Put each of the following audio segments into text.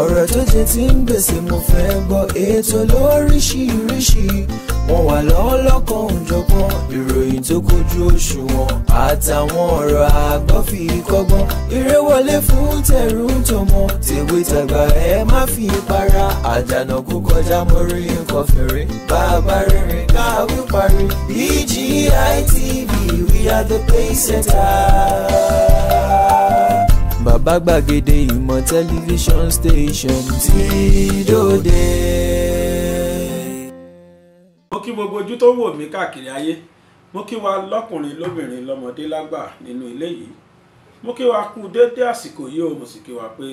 ọ̀rọ̀ tó jẹ ti ń gbèsè mo fẹ́ gbọ́ ètò lóríṣiríṣi wọ́n wà lọ́wọ́ lọ́kàn òjọ̀gbọ́n ìròyìn tó kojú òṣùwọ̀n àtàwọn ọ̀rọ̀ àgbọ́ fi kọ́gbọ́n eré wọlé fún tẹ̀rù ń tọmọ tèwe tàgbà ẹ má fi para àdànà kú kọjá mọ́rí nǹkan fèrè bàbá rìnrìn káwí parí BGI we are the pace setters bàbá gbàgede ìmọ̀ tẹlifíṣọ̀n station ti dòde. mo kí gbogbo ojú tó wò mí káàkiri ayé mo kí wa lọ́kùnrin lóbìnrin lọ́mọdé lágbà nínú ilé yìí mo kí wa kú déédé àsìkò yìí o mo sì kí wa pé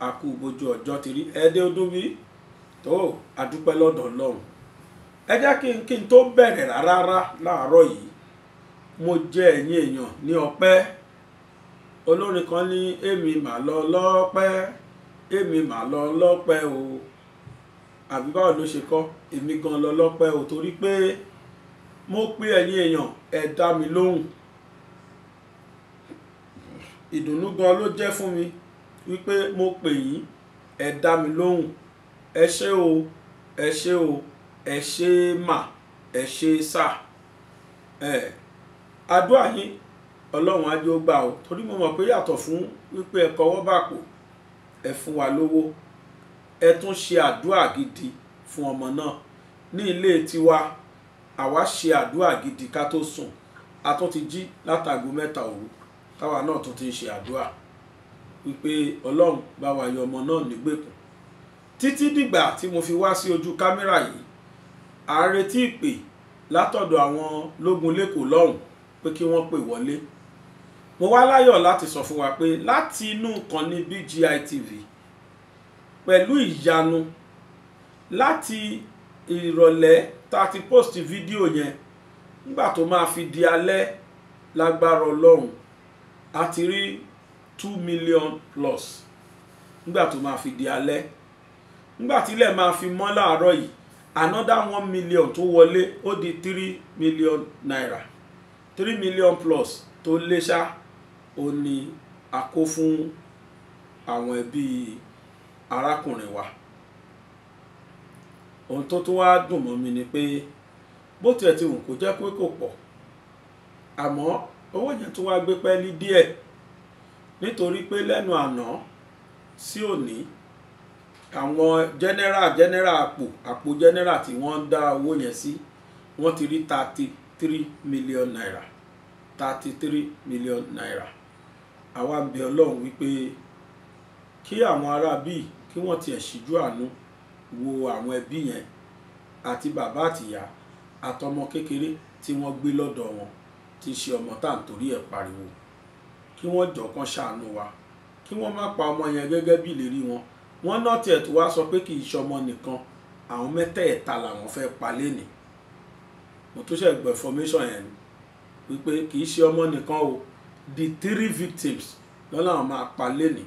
a kú bójú ọjọ́ ti rí ẹ̀ẹ́dẹ́ ọdún bí tó adúpẹ́ lọ́dọ̀ ọlọ́run ẹ jẹ́ kí n kí n tó bẹ̀rẹ̀ rárá láàárọ̀ yìí mo jẹ́ ẹ̀yin èèyàn ní ọpẹ́ olórin kan ní èmi mà lọ lọ́pẹ́ èmi mà lọ lọ́pẹ́ o àbí báwo ló ṣe kọ́ èmi gan lọ lọ́pẹ́ o torí pé mo pé ẹ̀yin èèyàn ẹ dá mi lóhùn ìdùnnú gan ló jẹ́ fún mi wípé mo pè yín ẹ dá mi lóhùn ẹ ṣé o ẹ ṣé o ẹ ṣé mà ẹ ṣé sà ẹ àdúrà yín ọlọ́run á jẹ́ ó gbà ó torí mo mọ̀ pé yàtọ̀ fún wípé ẹ kọwọ́ bàpò ẹ fún wa lówó ẹ tún ṣe àdúrà gidi fún ọmọ náà ní ilé tiwa àwa ṣe àdúrà gidi ká tó sùn a tún ti jí látàgò mẹ́ta òru táwa náà tún ti ń ṣe àdúrà wípé ọlọ́run bá wa yọ ọmọ náà nígbèkùn títí dìgbà tí mo fi wá sí ojú kámẹ́rà yìí à ń retí ìpè látọ̀dọ̀ àwọn lógun lẹ́kọ̀ọ́ lọ́hùn pé kí wọ́n pè wọlé mo wá láyọ̀ láti sọ fún wa pé láti inú ìkànnì BGI TV pẹ̀lú ìyanu láti ìrọ̀lẹ́ tá a ti post fídíò yẹn nígbà tó máa fi di alẹ́ lágbára ọlọ́run a ti rí two million plus nígbà tó máa fi di alẹ́ nígbà tílẹ̀ máa fi mọ́ láàárọ̀ yìí another one million tó wọlé ó di three million naira three million plus tó lé ṣáá ó ní a kó fún àwọn ẹbí arákùnrin wa ohun tó tún wá dùn mọ́ mi ni pé bó tiẹ̀ ti wù kó jẹ́ pé kò pọ̀ àmọ́ owó yẹn tún wá gbé pẹ́ẹ́lí díẹ̀ nítorí pé lẹ́nu àná sí òní àwọn general general àpò àpò general tí wọ́n ń dá owó yẹn sí wọ́n ti rí thirty three million naira thirty three million naira àwa ń bẹ ọlọ́run wípé kí àwọn ará bíi kí wọ́n tiẹ̀ ṣíjú àánú wo àwọn ẹbí yẹn àti bàbá àtìyá àtọmọ kékeré tí wọ́n gbé lọ́dọ̀ wọn ti ṣe ọmọ tá à ń torí ẹ̀ pariwo kí wọ́n jọ̀kan ṣàánú wa kí wọ́n má pa ọmọ yẹn gẹ́gẹ́ bí ìlérí wọn wọ́n náà tiẹ̀ tó wá sọ pé kì í ṣọmọ nìkan àwọn mẹ́tẹ̀ẹ̀ta làwọn fẹ́ pa lénìí mo tún ṣe gbọ́ information yẹn wípé kì í ṣe ọmọ nìkan o the three victims lọ́lọ́run máa pa lẹ́nìí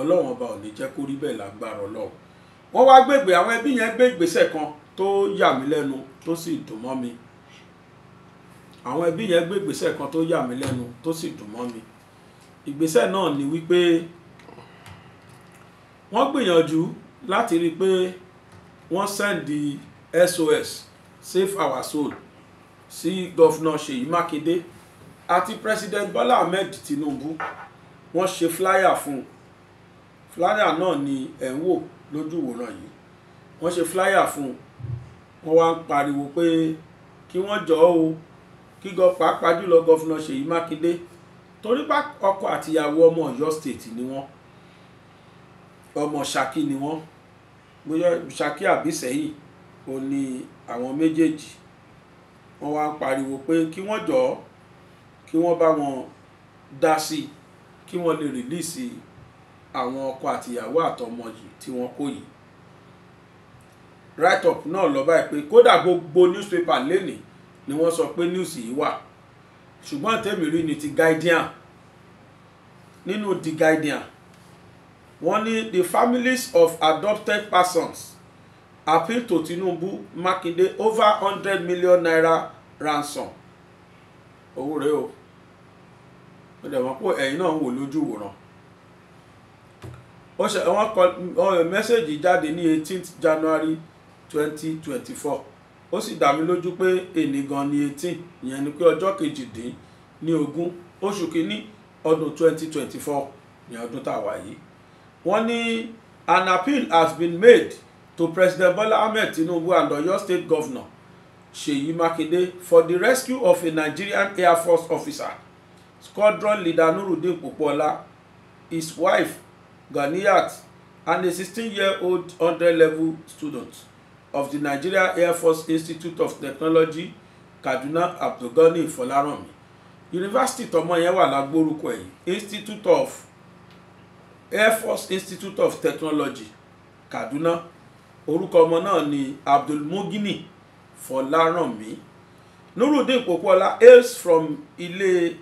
ọlọ́run ọba ò ní jẹ́ kó rí bẹ́ẹ̀ lágbára ọlọ́run wọ́n wá gbègbè àwọn ẹbí yẹn gbé ìgbésẹ̀ kan tó yà mí lẹ́nu tó sì dùn mọ́ mi àwọn ẹbí yẹn gbé ìgbésẹ̀ kan tó yà mí lẹ́nu tó sì dùn mọ́ mi ìgbésẹ̀ náà ni wípé wọ́n gbìyànjú láti rí i pé wọ́n sẹ́ndì SOS save our soul sí gọ́fúnà Ṣèyí Mákindé àti president Bọ́lá Ahmed Tinubu wọ́n ṣe flyer fún un flyer náà ni ẹ̀ ń wò lójú ìwòran yìí wọ́n ṣe flyer fún un wọ́n wá ń pariwo pé kí wọ́n jọ ọ́ o kí gọ pàápàá jùlọ gọfúnà Ṣèyí Mákindé torí pa ọkọ àtìyàwó ọmọ Ọ̀yọ́ state ni wọ́n ọmọ Ṣakí ni wọ́n bóyá Ṣakí àbí Ṣẹ̀yìn ò ní àwọn méjèèjì wọ́n wá ń pariwo pé kí wọ́n jọ ọ́ kí wọ́n bá wọn dá sí kí wọ́n lè rìlíìsì àwọn ọkọ àtìyàwó àtọmọ yìí tí wọ́n kó yìí write up náà lọ báyìí pé kódà gbogbo newspaper lénìí ni wọ́n sọ pé news yìí wà ṣùgbọ́n tèmi rí ni ti Guardian nínú the Guardian wọ́n ní the families of adopted persons appeal to Tinubu Makinde over hundred million naira ransom owó rẹ o ó dẹ̀ mọ̀ pé ẹ̀yin náà ń wò lójú wòran wọ́n kọ mẹ́sẹ̀gì jáde ní eighteenth January twenty twenty four ó sì dá mi lójú pé èní gan ni eighteen ìyẹn ni pé ọjọ́ kejìdín ní ogún oṣù kínní ọdún twenty twenty four ní ọdún tá a wà yìí wọ́n ní an appeal has been made to President Bola Ahmed Tinubu and Oyo State Governor Seyi Makinde for the rescue of a Nigerian Air Force officer squadron leader Nurudeen Popoola, his wife Ganiat, and a 16-year-old 100-level student of the Nigeria Air Force Institute of Technology, Kaduna Abdulgani Folaranmi. University tọmọ yẹn wà Institute of Air Force Institute of Technology, Kaduna. Orúkọ ọmọ náà ni Abdulmugini Folaranmi. Nurudeen hails from ilé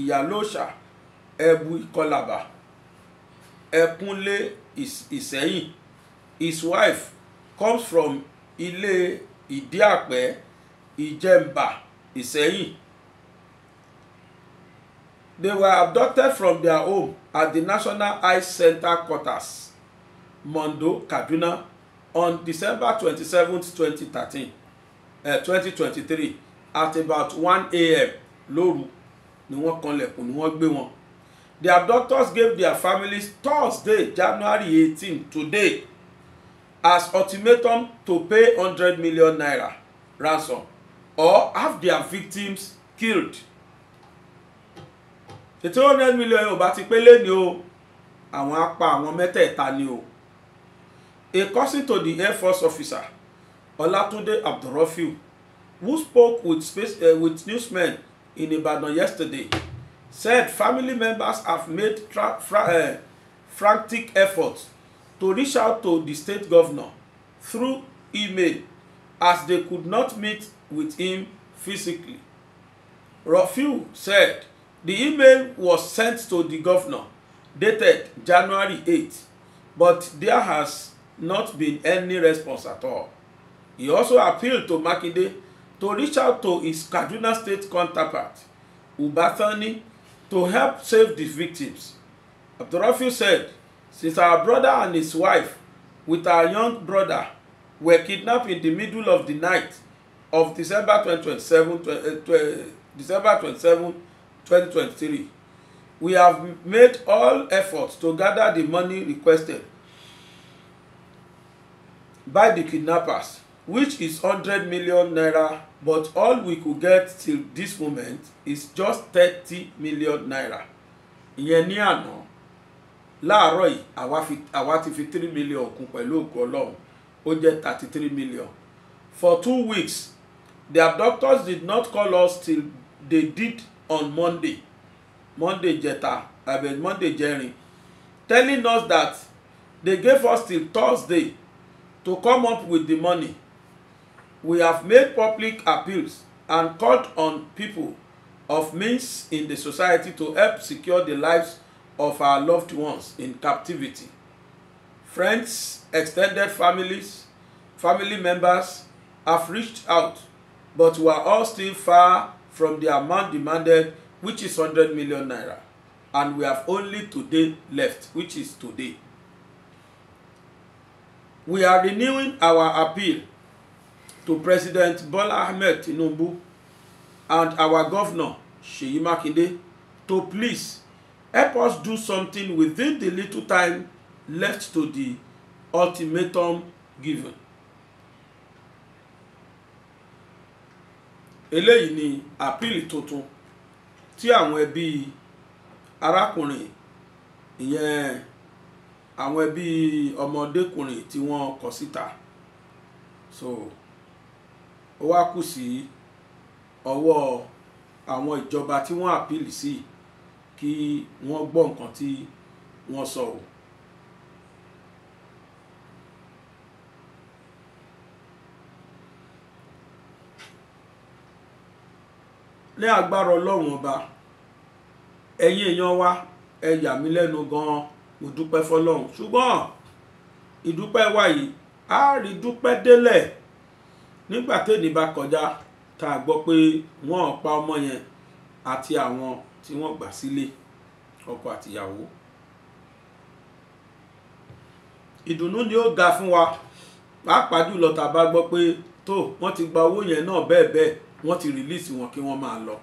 ìyálóṣà ẹ̀bù ìkọlàbà ẹ̀kúnlé ìsẹ́yìn his wife comes from ilé ìdíàpẹ́ ìjẹ̀mbà ìsẹ́yìn they were abducted from their home at the national Ice center quarters mondo kaduna on december twenty-seven twenty thirteen eh, twenty twenty-three at about one a.m. lóru ni wọ́n kanlẹ̀kùn ni wọ́n gbé wọn. The abductors gave their families Thursday, January 18, today, as ultimatum to pay 100 million naira ransom or have their victims killed. ètò 100 million yóò bá ti pé lé ní o àwọn apá àwọn mẹ́tẹ̀ẹ̀ta ni o. A cousin to the Air Force officer Olatunde Abdulrafiu who spoke with, space, uh, with newsmen in Ibadan yesterday said family members have made fra uh, frantic efforts to reach out to the state governor through email as they could not meet with him physically. Rafiu said the email was sent to the governor dated January 8, but there has not been any response at all. He also appealed to Makinde to reach out to his Kaduna State counterpart, Uba Thani, to help save the victims. Abdurrafiu said, since our brother and his wife with our young brother were kidnapped in the middle of the night of December 27, 20, eh, December 27, 2023, we have made all efforts to gather the money requested by the kidnappers which is 100 million naira but all we could get till this moment is just 30 million naira ìyẹn ní àná láàárọ̀ yìí àwa ti fi three million kún pẹ̀lú ògùn ọlọ́run ó jẹ́ 33 million for two weeks the abductors did not call us till they did on monday monday jẹta abeg monday jẹrin telling us that they gave us till thursday to come up with the money We have made public appeals and called on people of means in the society to help secure the lives of our loved ones in captivity. Friends, extended families, family members have reached out, but we are all still far from the amount demanded, which is 100 million naira, and we have only today left, which is today. We are renewing our appeal to President Bola Ahmed Tinubu and our governor Sheyi Makinde to please help us do something within the little time left to the ultimatum given. eléyìí ni àpíìlì tuntun tí àwọn ẹbí arákùnrin ìyẹn àwọn ẹbí ọmọdékùnrin tí wọ́n kọ síta so ó wá kù sí ọwọ́ àwọn ìjọba tí wọ́n àpìlì sí kí wọ́n gbọ́ nǹkan tí wọ́n sọ o. ní agbára ọlọ́run ọba ẹ̀yin èèyàn wa ẹ yà mí lẹ́nu gan-an mo dúpẹ́ fọlọ́run ṣùgbọ́n ìdúpẹ́ wa yìí á rí dúpẹ́ délẹ̀ nígbà tẹ́ni bá kọjá tá a gbọ́ pé wọ́n pa ọmọ yẹn àti àwọn tí wọ́n gbà sílé ọkọ àtìyàwó ìdùnnú ni ó ga fún wa pàápàá jùlọ tá a bá gbọ́ pé tó wọ́n ti gba owó yẹn náà bẹ́ẹ̀ bẹ́ẹ̀ wọ́n ti rìlíìsì wọn kí wọ́n máa lọ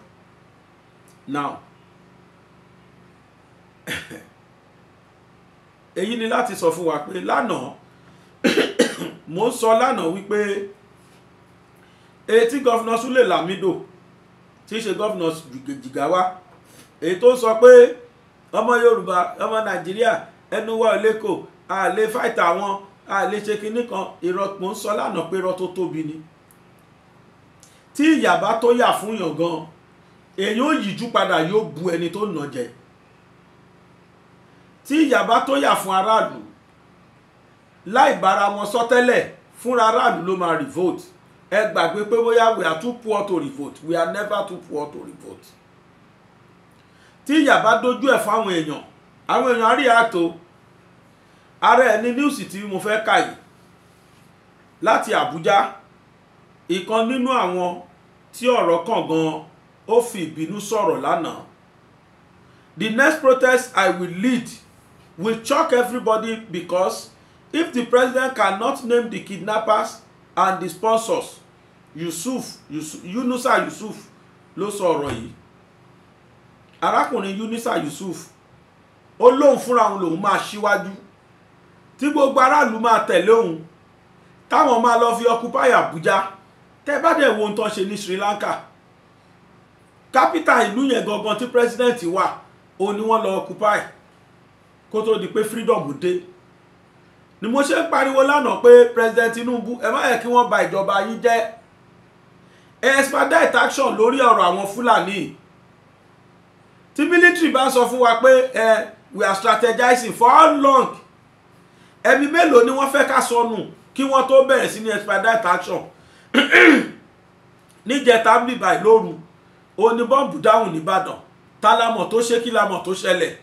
now èyí ni láti sọ fún wa pé lánàá mo ń sọ lánàá wípé èyí tí gọ́fìnà Sule Lamido tí í ṣe gọ́fìnà Jigawa èyí tó ń sọ pé ọmọ Yorùbá ọmọ Nàìjíríà ẹnu wa ò lẹ́kọ̀ọ́ a lè fáìtà wọn a lè ṣe kinní kan ìrọ̀pọ̀ ń sọ lánàá pé irọ́ tó tóbi ni tí ìyàbá tó yà fún yàn gan èyí ó yíjú padà yóò bu ẹni tó nà jẹ tí ìyàbá tó yà fún aráàlú láì bára wọn sọ tẹ́lẹ̀ fúnra aráàlú ló máa revolt ẹ gbàgbé pé bóyá we are too poor to revolt we are never too poor to revolt tí ìyà bá dojú ẹ̀ fáwọn èèyàn àwọn èèyàn á rí àtò ara ẹ̀ ní níwùsì tí mo fẹ́ kà yìí láti Àbújá ìkan nínú àwọn tí ọ̀rọ̀ kàn gan ó fi ìbínú sọ̀rọ̀ lánàá the next protest I will lead will shock everybody because if the president cannot name the kidnappers and the sponsors yusuf yunusa yusuf ló sọ ọ̀rọ̀ yìí arákùnrin yunusa yusuf ó lóun fúnra òun lòun máa ṣíwájú tí gbogbo aráàlú máa tẹ̀lé òun táwọn máa lọ fi ọkùpáyà àbújá tẹ́ bá dẹ̀ wo ohun tó ń ṣe ní sri lanka kápítà ìlú yẹn gangan tí pírẹsidẹ́ǹtì wà òun ni wọ́n lọ ọkùpáì kó tó di pé freedom dé ni mo ṣe ń pariwo lánàá pé president Tinubu ẹ má yẹ kí wọ́n bà ìjọba yín jẹ́ expedite action lórí ọ̀rọ̀ àwọn fúlàní tí military bá sọ fún wa pé ẹ we are strategizing for how long ẹbí mélòó ni wọ́n fẹ́ ká sọnù kí wọ́n tó bẹ̀rẹ̀ sí ní expedite action níjẹta ń bìbà ìlóru òní bọ́ǹbù dáhùn nìbàdàn tálámọ̀ tó ṣe kí lámọ̀ tó ṣẹlẹ̀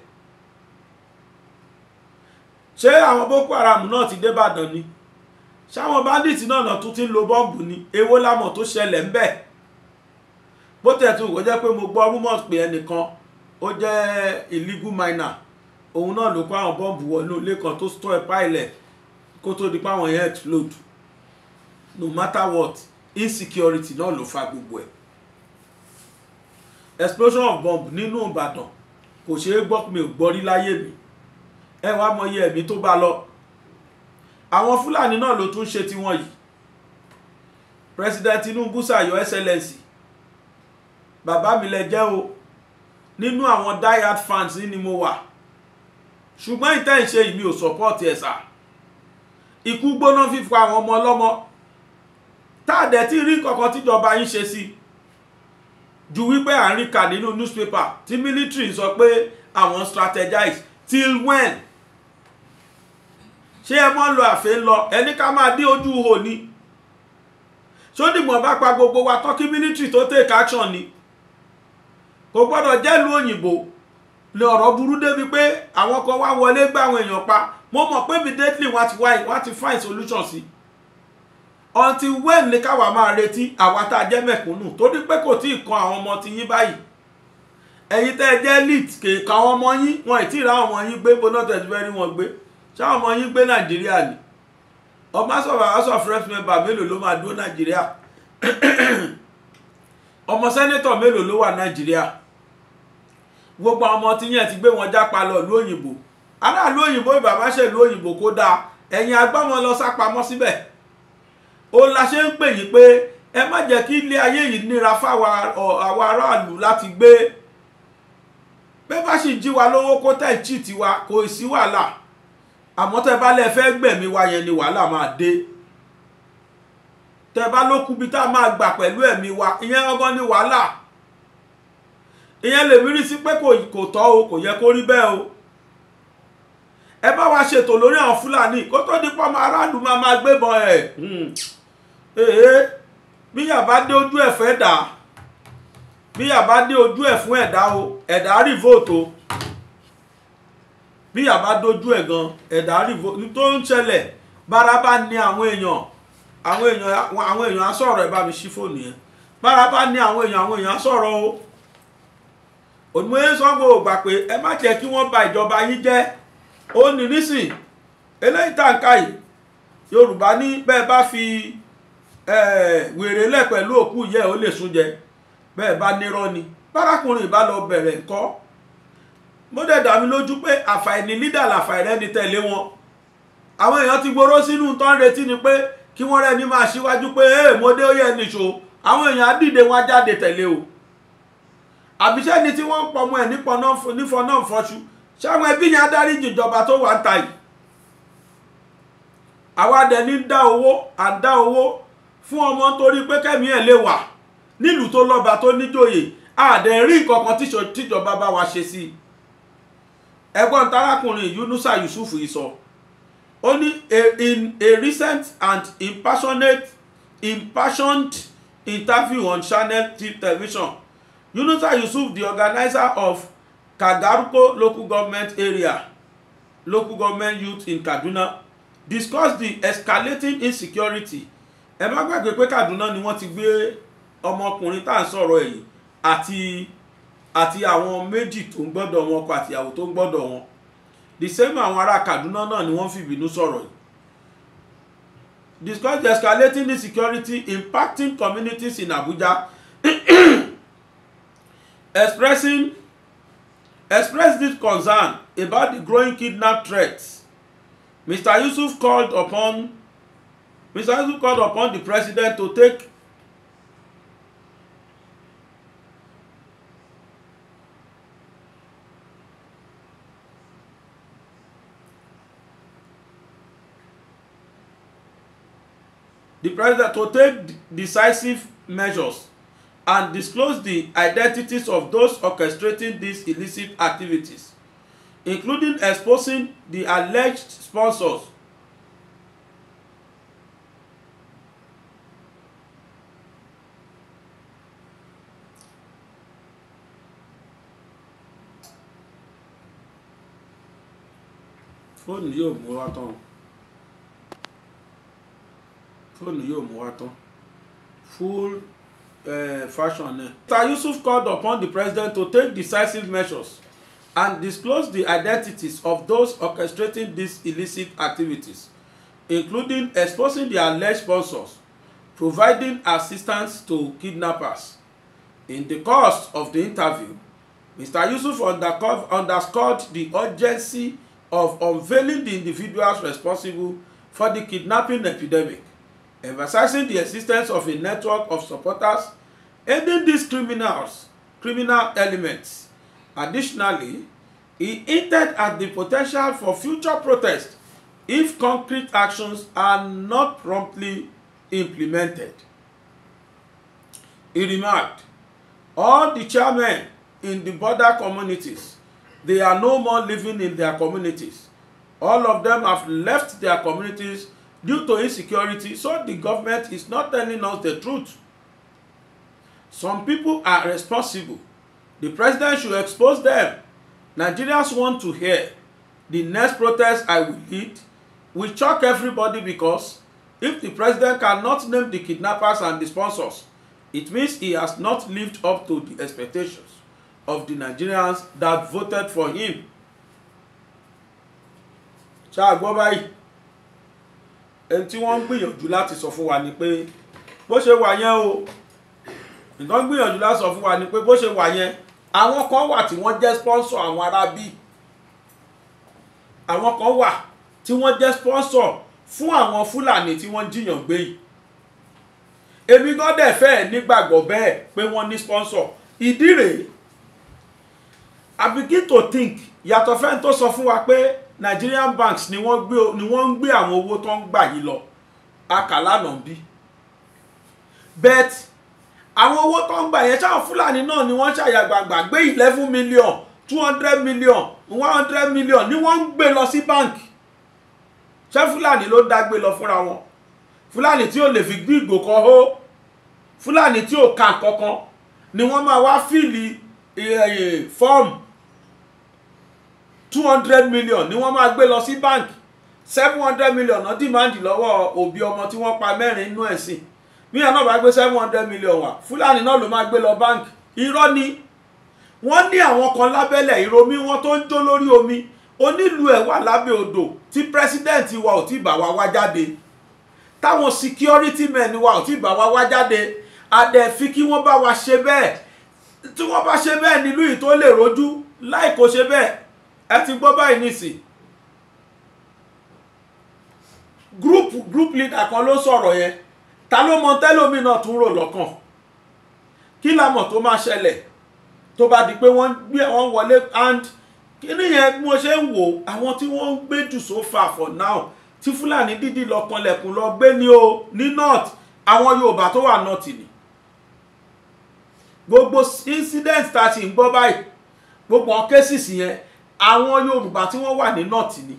ṣé àwọn boko haram náà ti débàdàn ni ṣáwọn bandits náà náà tún ti ń lo bọ́ǹbù ni èwo lámọ̀ tó ṣẹlẹ̀ ń bẹ̀ bó tẹ̀ tún kò jẹ́ pé mo gbọ́ rumors pé ẹnìkan ó jẹ́ illegal miner òun náà ló kó àwọn bọ́ǹbù wọnú ilé kan tó stọ́ ẹ̀ páìlẹ̀ kó tó di páwọn yẹn explode no matter what insecurity náà ló fa gbogbo ẹ̀ explosion of bomb nínú Ìbàdàn kò ṣeé gbọ́ mi ò gbọ́ rí láyé mi ẹ wá mọ iye ẹ̀mí tó bá lọ àwọn fúlàní náà ló tún ṣe tiwọn yìí president tinubu ṣàyọ excellency bàbá mi lẹ jẹ́ o nínú àwọn diehard fans ni mo wà ṣùgbọ́n ìtẹ́ ìṣe yìí mi ò support ẹ̀ sà ikú gbóná fífọ àwọn ọmọ ọlọ́mọ tá a dẹ̀ ti rí kankan tíjọba yín ṣe sí ju wípé à ń rí kà nínú newspaper tí military sọ pé àwọn strategize till when ṣé ẹ mọ́ lọ àfẹ́ lọ ẹni ká máa dé ojú ihò ni ṣó dìgbọ̀n bá pa gbogbo wa tọ́kí military tó take action ni kò gbọ́dọ̀ jẹ́lu òyìnbó lè ọ̀rọ̀ burú débi pé àwọn kan wá wọlé gbá àwọn èèyàn pa mo mọ̀ pé immediately wọ́n ti wá wọ́n ti find solution sí until when ni káwa máa retí àwa tá a jẹ́ mẹ̀kúnnù torí pé kò tí ì kan àwọn ọmọ ti yín báyìí ẹ̀yin tẹ́ ẹ jẹ́ elite kèèkà àwọn ọmọ yín wọn ì tí ì ra àwọn ọmọ yín gbé bọ́nà tẹ̀síwẹ́rí wọn gbé ṣáwọn ọmọ yín gbé nàìjíríà ni ọmọ asọ̀rọ̀ house of rep member mélòó ló máa dúró nàìjíríà ọmọ sẹ́nẹ́tọ̀ mélòó ló wà nàìjíríà gbogbo ọmọ tí yẹn ti gbé wọn jápa lọ ìlú òyìnbó aráàlú òyìnbó ìbàbá ṣèlú òyìnbó kó dáa ẹ̀yin agbọ́mọ lọ sápamọ́ síbẹ̀ ó la ṣe ń pè yín pé ẹ má jẹ́ kí ilé ayé yìí nira fáwọn aráàlú láti gbé bẹ́ẹ̀ bá sì jí wa lówó kó tẹ̀ jí tiwa kò sí wàhálà àmọ́ tẹ́ bá lẹ́ fẹ́ gbẹ̀mí wa yẹn ni wàhálà máa dé tẹ́ bá ló kú bí tá a máa gbà pẹ̀lú ẹ̀mí wa ìyẹn ọgbọ́n ni wàhálà ìyẹn lèmi rí sí pé kò tọ́ o kò yẹ kó rí bẹ́ẹ̀ o ẹ bá wa ṣètò lórí àwọn fúlàní kó tó di pọ́nmọ́ aráàlú máa máa gbébọn ẹ̀ hmm. ee bí yàbá dé ojú ẹ̀ fẹ́ dà bí yàbá dé ojú ẹ̀ fún ẹ̀dá o ẹ̀dá rí vóòtò. bí yàrá dojú ẹ̀ gan ẹ̀dá rìvò tó ń ṣẹlẹ̀ bára ní àwọn èèyàn àwọn èèyàn àwọn èèyàn á sọ̀rọ̀ ẹ̀ mi ṣí fóònù yẹn bára ní àwọn èèyàn àwọn èèyàn á o òdìmọ̀ye sango pé kí ba ìjọba ó ní nísìn eléyìí tá fi wèrè lẹ̀ pẹ̀lú òkú yẹ ó lè sún jẹ bẹ́ẹ̀ ni bárakùnrin lọ bẹ̀rẹ̀ mo dẹ̀ dàmí lójú pé àfàìní lídà làfàìrẹ́ ni tẹ̀lé wọn àwọn èèyàn ti gbóró sínú tó ń retí ni pé kí wọ́n rẹ́ni máa ṣíwájú pé ee mo dé ó yẹ nìṣó àwọn èèyàn á dìde wọn á jáde tẹ̀lé o àbíṣẹ́ ni tí wọ́n ń pọmọ ẹ̀ nífọ náà fọṣu ṣáwọn ẹbí yẹn adarí ìjọba tó wà ń ta yìí àwa dẹ̀ ní dá owó à ń dá owó fún ọmọ torí pé kẹ́mi ẹ̀ lè wà nílùú tó lọ́ba tó níjòyè àdẹ̀ rí nǹkan kan tíjọba bá wa ṣe sí i ẹ̀gbọ́n tarakùnrin Yunusa Yusuf yìí sọ ó ní in a recent and impassionate impassioned interview on Channel television Yunusa Yusuf the organizer of Kagaruko local government area local government youth in Kaduna discussed the escalating insecurity ẹ má gbàgbé pé Kaduna ni wọ́n ti gbé ọmọkùnrin tá à ń sọ̀rọ̀ ẹ̀yìn àti àti àwọn méjì tó ń gbọ́dọ̀ wọn ọkọ àtìyàwó tó ń gbọ́dọ̀ wọn the àwọn ará Kaduna náà ni wọ́n fìbínú sọ̀rọ̀ yìí discuss the escalating insecurity impacting communities in Abuja expressing expressed this concern about the growing kidnap threats Mr. Yusuf called upon Mr. Yusuf called upon the president to take the president to take decisive measures and disclose the identities of those orchestrating these illicit activities including exposing the alleged sponsors fóònù yóò mú wa tán fóònù yóò mú wa tán full uh, fashion náà. Mr. Yusuf called upon the president to take decisive measures and disclose the identities of those orchestrating these illicit activities, including exposing the alleged sponsors, providing assistance to kidnappers. In the course of the interview, Mr. Yusuf underscored the urgency of unveiling the individuals responsible for the kidnapping epidemic emphasizing the existence of a network of supporters aiding these criminals, criminal elements. Additionally, he hinted at the potential for future protests if concrete actions are not promptly implemented. He remarked, all the chairmen in the border communities, they are no more living in their communities. All of them have left their communities due to insecurity so the government is not telling us the truth some people are responsible the president should expose them nigerians want to hear the next protest i will lead will shock everybody because if the president cannot name the kidnappers and the sponsors it means he has not lived up to the expectations of the nigerians that voted for him Ciao. Bye bye ẹni tí wọ́n ń gbìyànjú láti sọ fún wa ni pé bó ṣe wà yẹn o ìtàn gbìyànjú láti sọ fún wa ni pé bó ṣe wà yẹn àwọn kan wà tí wọ́n jẹ́ sponsor àwọn arábí àwọn kan wà tí wọ́n jẹ́ sponsor fún àwọn fúlàní tí wọ́n jiyàn gbé yìí èmi gan dẹ̀ fẹ́ nígbàgbọ́ bẹ́ẹ̀ pé wọ́n ní sponsor ìdí rèé àbí kí tó think yàtọ̀ fẹ́ni tó sọ fún wa pé Nigerian banks ni wọ́n gbé ni wọ́n ń gbé àwọn owó tó ń gbà yìí lọ akàlànà bí bet àwọn owó tó ń gbà yẹn sáwọn Fúlàní náà ni wọ́n ṣàyàgbàgbà gbé eleven million two hundred million one hundred million ni wọ́n ń gbé lọ sí báǹkì ṣé Fúlàní ló dá gbé lọ fúnra wọn Fúlàní tí ò lè fi gbé ìgò kan hó Fúlàní tí ò ka kankan ni wọ́n máa wá fíìlì eh, eh, fọ́ọ̀mù two hundred million ni wọ́n máa gbé lọ sí báǹkì seven hundred million náà dìmáàndì lọ́wọ́ òbí ọmọ tí wọ́n pa mẹ́rin inú ẹ̀ sí bí ẹ̀ náà bá gbé seven hundred million wá fúlàní náà ló máa gbé lọ báǹkì irọ́ ni wọ́n ní àwọn kan lábẹ́lẹ̀ ìròmí wọn tó ń jó lórí omi onílùú ẹ̀ wà lábẹ́ odò tí pírẹsidẹ́ǹtì wa ò tí bà wá wá jáde táwọn security men wa ò tí bà wá wá jáde àdẹ̀fi kí wọ́n bá wa ṣe bẹ́ẹ̀ tí wọ́n bá ṣe bẹ́ẹ̀ nílùú yìí tó lè rojú láì kó ṣe bẹ́ẹ̀ ẹ ti gbọ́ báyìí nìsín group group leader kan ló sọ̀rọ̀ yẹn ta ló mọ tẹ́lómi náà tún rò lọ́kàn kí la mọ̀ tó máa ṣẹlẹ̀ tó bá di pé wọ́n gbé wọ́n wọlé and kíní yẹn bí mo ṣe ń wò àwọn tí wọ́n ń gbé jù so far for now tí fúlàní dídì lọ kanlẹ̀kùn lọ gbé ní o ní north àwọn yorùbá tó wà north ni gbogbo incident tá a sì ń gbọ́ báyìí gbogbo cases yẹn àwọn Yorùbá tí wọ́n wà ní north ni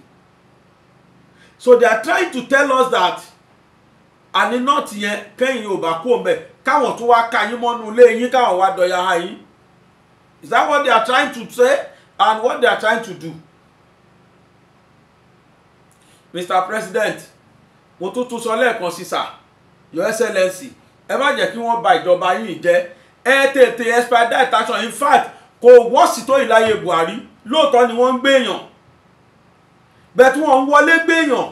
so they are trying to tell us that àní north yẹn kẹ́yìn Yorùbá kú òun káwọn tún wá ka yín mọ́nú ilé yín káwọn wá dọ̀yà ha yín is that what they are trying to say and what they are trying to do Mr. President mo tún tún sọ lẹ́ẹ̀kan sí sà your excellency ẹ má jẹ́ kí wọ́n ba ìjọba yìí jẹ́ ẹ tètè expedite action in fact kò wọ́ọ̀sì tó ìláyé Buhari lóòótọ́ ni wọ́n ń gbèyàn bẹ́ẹ̀ tí wọ́n ń wọlé gbèyàn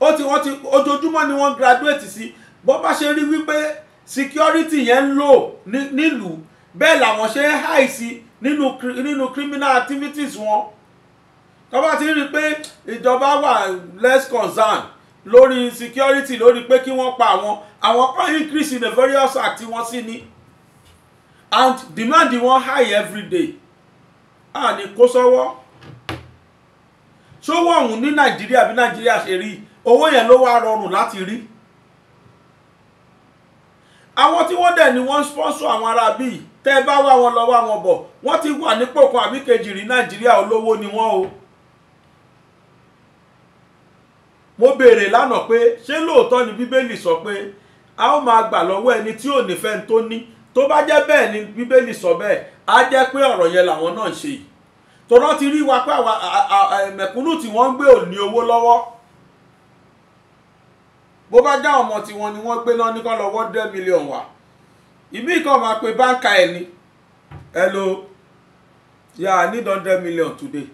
ó ti wọ́n ti ojoojúmọ́ ni wọ́n graduate sí bó bá ṣe rí wípé security yẹn ń lò nílùú bẹ́ẹ̀ làwọn ṣe ń hàìsí nínú nínú criminal activities wọn tó bá ti rí i pé ìjọba wà less concerned lórí security lórí pé kí wọ́n pa àwọn àwọn kan increase in the various act tí wọ́n sì and demand one high every day a ní kó sọ́wọ́ ṣówó ọ̀hún ní nàìjíríà bí nàìjíríà ṣe rí owó yẹn ló wá rọrùn láti rí àwọn tí wọ́n dẹ̀ ni wọ́n ń sponsor àwọn ará bíi tẹ́ ẹ bá wá wọn lọ wá wọn bọ̀ wọ́n ti wà nípò kan àbí kejì rí nàìjíríà olówó ni wọ́n o mo béèrè lánàá pé ṣé lóòótọ́ ni bíbélì sọ pé a ó máa gbà lọ́wọ́ ẹni tí ò nífẹ̀ẹ́ tó ní tó bá jẹ́ bẹ́ẹ̀ ni bíbélì sọ bẹ́ẹ̀ á jẹ́ pé ọ̀rọ̀ yẹn làwọn náà ń ṣe yìí tọ́nà ti rí wa pé àwọn mẹ̀kúnnù tí wọ́n ń gbé ò ní owó lọ́wọ́ bó bá dá ọmọ tiwọn ni wọ́n gbé náà ní kán lọ́wọ́ dẹ́ mílíọ̀n wá ìmí kan máa pe báńkà ẹ̀ ni hello yeah I need hundred million today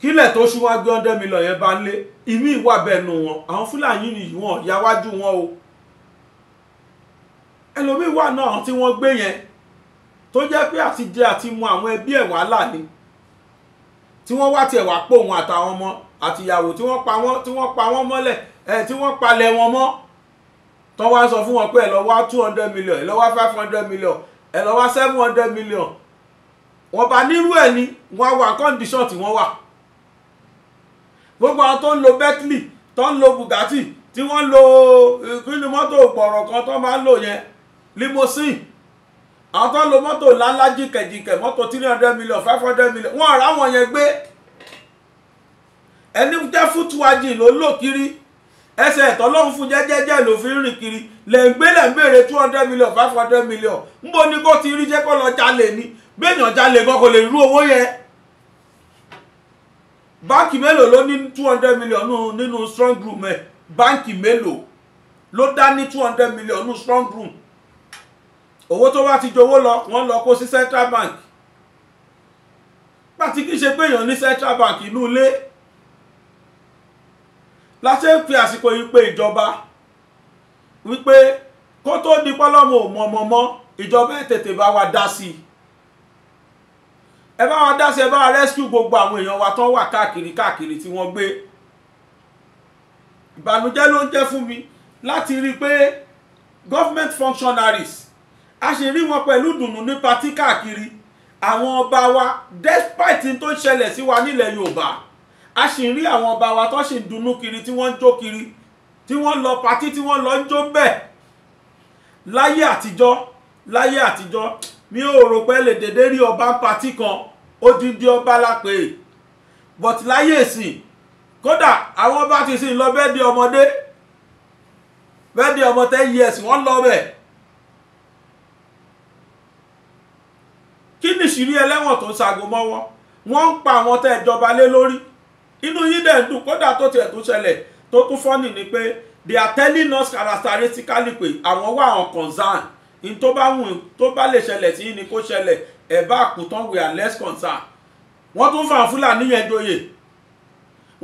kílẹ̀ tó ṣú wá gbé hundred million yẹn bá ń lé ìmí ìwà bẹ́ẹ̀ nu wọn àwọn fúlàní yìí wọn yáwájú wọn o ẹlòmíín wà náà tí wọ́n gbé yẹn tó jẹ́ pé àti jẹ àti mu àwọn ẹbí ẹ̀ wàhálà ni tí wọ́n wá tiẹ̀ wá pò wọn àtàwọn ọmọ àtìyàwó tí wọ́n pa wọ́n tí wọ́n pa wọ́n mọ́lẹ̀ ẹ̀ tí wọ́n palẹ̀ wọn mọ́ tó wá sọ fún wọn pé ẹ̀ lọ wá two hundred million ẹ̀ lọ wá five hundred million ẹ̀ lọ wá seven hundred million wọ́n bá nírú ẹ̀ ni wọ́n wà condition tí wọ́n wà gbogbo àwọn tó ń lo Bentley tó ń lo Bugatti tí wọ́n lo eh, kí ni mọ́tò gbọ̀rọ̀ kan tó máa ń lò yẹn limousine àwọn tó ń lo mọ́tò ńláńlá jìnkẹ̀jìnkẹ̀ mọ́tò three hundred million five hundred million wọ́n ará wọn yẹn gbé ẹni jẹ́ ló lò kiri ẹsẹ̀ ẹ̀tọ́ jẹjẹjẹ fún ló fi rìn kiri lẹ̀ ń gbé lẹ̀ ń béèrè two hundred ni ti rí jẹ́ kó lọ jalè ni gbẹ̀yàn jalè gan kò lè rú owó yẹn báńkì mélòó ló ní two hundred million nínú strong room owó tó bá ti jowó lọ wọ́n lọ kó sí central bank pàtí kí ṣe pé èèyàn ní central bank inú ilé láti ń fi àsìkò yìí pé ìjọba wípé kó tó di pọ́lọ́mù mọ̀mọ́mọ́ ìjọba ẹ̀ tètè bá wa dá sí i ẹ bá wa dá sí ẹ bá wa rescue gbogbo àwọn èèyàn wa tán wà káàkiri káàkiri tí wọ́n gbé ìbànújẹ́ ló ń jẹ́ fún mi láti rí i pé government functionaries a sì rí wọn pẹ̀lú dùnnú ní patí káàkiri àwọn ọba wa despite tó ń ṣẹlẹ̀ sí wa nílẹ̀ Yorùbá a sì rí àwọn ọba wa tó sì ń dunnú kiri tí wọ́n ń jó kiri tí wọ́n lọ patí tí wọ́n lọ ń jó bẹ́ẹ̀ láyé àtijọ́ láyé àtijọ́ mi ò rò pé lè dédé rí ọba ń patí kan odindi ọba lápè but láyé ìsìn kódà àwọn ọba ti sìn lọ bẹ́ẹ̀ di ọmọdé bẹ́ẹ̀ di ọmọ ten years wọ́n lọ bẹ́ẹ̀ sì rí ẹlẹ́wọ̀n tó ń sago mọ́wọ́ wọ́n ń pa àwọn tẹ́ ìjọba lé lórí inú yín dẹ̀ ń dùn kódà tó tiẹ̀ tó ṣẹlẹ̀ tó tún fọ́nì ni pé they are telling us characteristically pé àwọn wà on concern in tó bá wù tó bá lè ṣẹlẹ̀ sí ni kó ṣẹlẹ̀ ẹ̀ bá àkùtàn we are less concerned wọ́n tún fà fúlàní yẹn joyè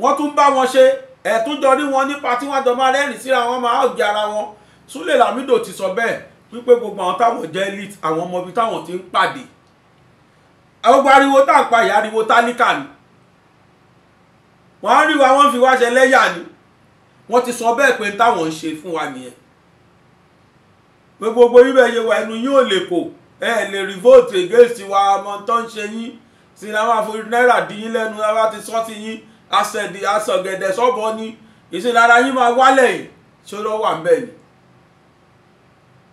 wọ́n tún bá wọn ṣe ẹ̀tún jọ rí wọn nípa tí wọ́n jọ rẹ́rìn síra wọn máa ọ̀gẹ̀ ara wọn Sule Lamido ti sọ bẹ́ẹ̀ wípé gbogbo àwọn táwọn jẹ́ elite àwọn ọmọ ibi táwọn ti ń pàdé ẹ gbogbo ariwo tá à ń pa yìí ariwo tálíkà ni wọ́n á rí wa wọ́n fi wá ṣe lẹ́yà ni wọ́n ti sọ bẹ́ẹ̀ pé táwọn ń ṣe fún wa nìyẹn pé gbogbo bíbẹ̀ yẹ wà ẹnu yín ò lè kò ẹ lè rí vote against wa ọmọ tó ń ṣe yín sí náà máa forí náírà dín yín lẹ́nu náà láti sọ́ sí yín asẹ̀dì asọ̀gẹ̀dẹ̀ sọ́bọ ni ìsìnlára yín máa wálẹ̀ yìí ṣó lọ́ wà mbẹ́ ni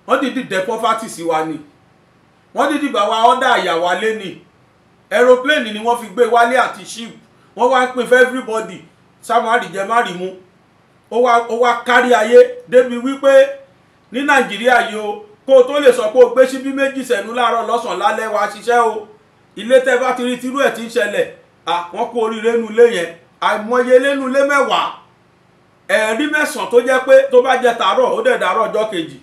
wọ́n dìdí dẹ́ pọ́fátì sí wa ni wọ́n dìdí bá wa ọ́dà àyàwálé ni aeroplane ni wọ́n fi gbé wálé àti ship wọ́n wá ń pín fún everybody sámárì jẹ má rí mu ó wá ó wá kárí ayé débi wípé ní nàìjíríà yìí o kó o tó lè sọ pé o gbé síbí méjì sẹ́nu láàárọ̀ lọ́sàn-án lálẹ́ wàá ṣiṣẹ́ o ilé tẹ́ bá ti rí tirú ẹ̀ ti ń ṣẹlẹ̀ à wọ́n kó oríire nu ilé yẹn àìmọye lẹ́nu ilé mẹ́wàá ẹ̀rí mẹ́sàn-án tó jẹ́ pé tó bá jẹ tàárọ̀ ó dẹ̀ dàárọ̀ ọjọ́ kejì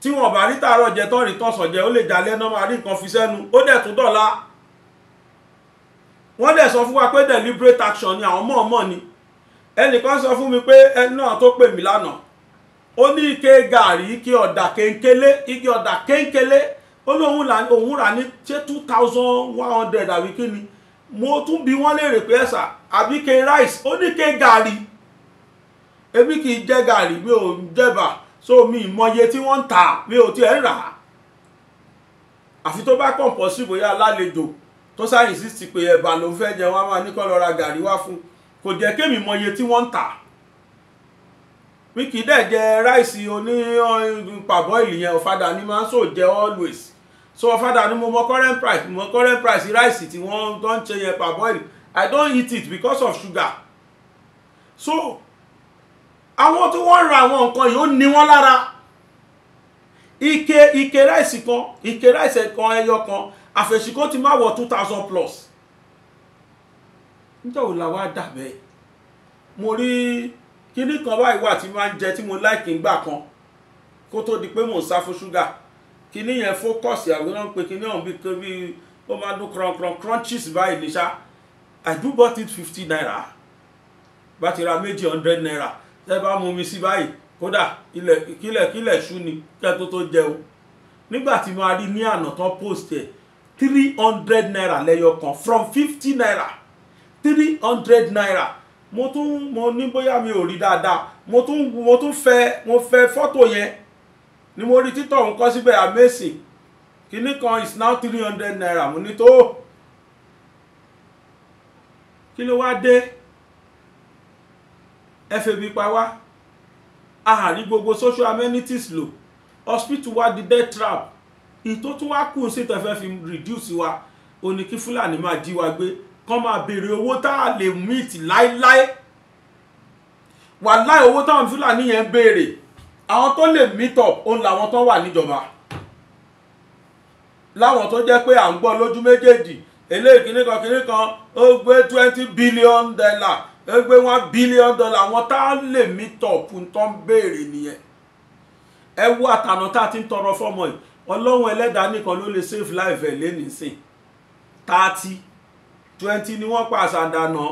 tí wọn bá rí tàárọ̀ jẹ tán rí jẹ ó lè jalè náà máa rí nǹkan fi sẹ́nu ó dẹ̀ tún dọ̀la wọ́n dẹ̀ sọ fún wa pé deliberate action ni àwọn mọ̀ọ́mọ̀ ni ẹnìkan sọ fún mi pé ẹni náà tó pè mí lánàá ó ní ike gàrí ike ọ̀dà kéńkélé ike ọ̀dà kéńkélé ó ní òun rà ní ṣé two thousand one hundred àbí kí ni mo tún bi wọ́n léèrè pé ẹ̀sà àbí ike rice ó ní ike gàrí ebi kì í jẹ gàrí mi ò jẹba so mi ìmọye tí wọ́n ń tà mi ò tiẹ̀ ń rà àfi tó bá kàn pọ̀ sí bóyá alálejò tó sáà insist pé ẹ̀bà ló fẹ́ jẹ wọ́n á máa ní kọ́ lọ ra gàrí wá fún kò jẹ́ kémi mọ iye tí wọ́n ń tà mi kì í dẹ̀ jẹ ráìsì oní eh, pàbọ́ ìlú ọ̀fadà ni máa ń sò jẹ always so ọ̀fadà ni mo mọ current price mo mọ current price ráìsì tí wọ́n tó ń ṣe yẹn pàbọ́ ìlú I don't eat it because of sugar so àwọn tó wọ́n ra àwọn nǹkan yìí ó ní wọ́n lára ike ike ráìsì kan ike ráìsì kan ẹyọ kan àfẹ̀sìnkàn ti máa wọ̀ two thousand plus níjẹ́ òun làwa dàbẹ̀ mo rí kíní kan báyìí wà tí máa ń jẹ tí mo láìkì ń gbà kan kó tó di pé mò ń sá fún ṣúgà kíní yẹn fókọ̀sì àwọn náà ń pe kíní ọ̀hún bíi kébí ó máa dún kran crunches báyìí ní sá I do bought it fifty naira bá ti ra méjì hundred naira tẹ́ bá mú mi sí báyìí kódà kílẹ̀ kílẹ̀ ṣú ni kẹ́ tó tó jẹun nígbà tí máa rí ní àná tán post ẹ̀ three hundred naira lẹ́yọ kan from fifty naira three hundred naira mo tún mo ní bóyá mi ò rí dáadáa mo tún mo tún fẹ́ mo fẹ́ fọ́tò yẹn ni mo rí títọ̀ òun kọ́ síbẹ̀ amazing kìíní kan is now three hundred naira mo ní tó kí ló wá dé ẹ febi pa wá a gbogbo social amenities lò hospital wa di death trap ìtò tó wá kù sí ìtọ́ fẹ́ fi reduce wa ó ní kí fúlàní máa jí wa gbé kán máa béèrè owó tá a lè meet láéláé wàláì owó táwọn fúlàní yẹn ń béèrè àwọn tó lè meet up òun làwọn tó wà níjọba láwọn tó jẹ́ pé à ń gbọ́ lójú méjèèjì eléyìí kìíní kan kìíní kan ó gbé twenty billion dollar ó gbé one billion dollar àwọn tá a lè meet up tó ń béèrè nìyẹn ẹ wo àtànà tá a ti ń tọrọ fọmọ yìí ọlọ́run ẹlẹ́dàá nìkan ló lè save life ẹ̀ lẹ́nìí sìn thirty twenty ni wọ́n pàṣẹ àdànà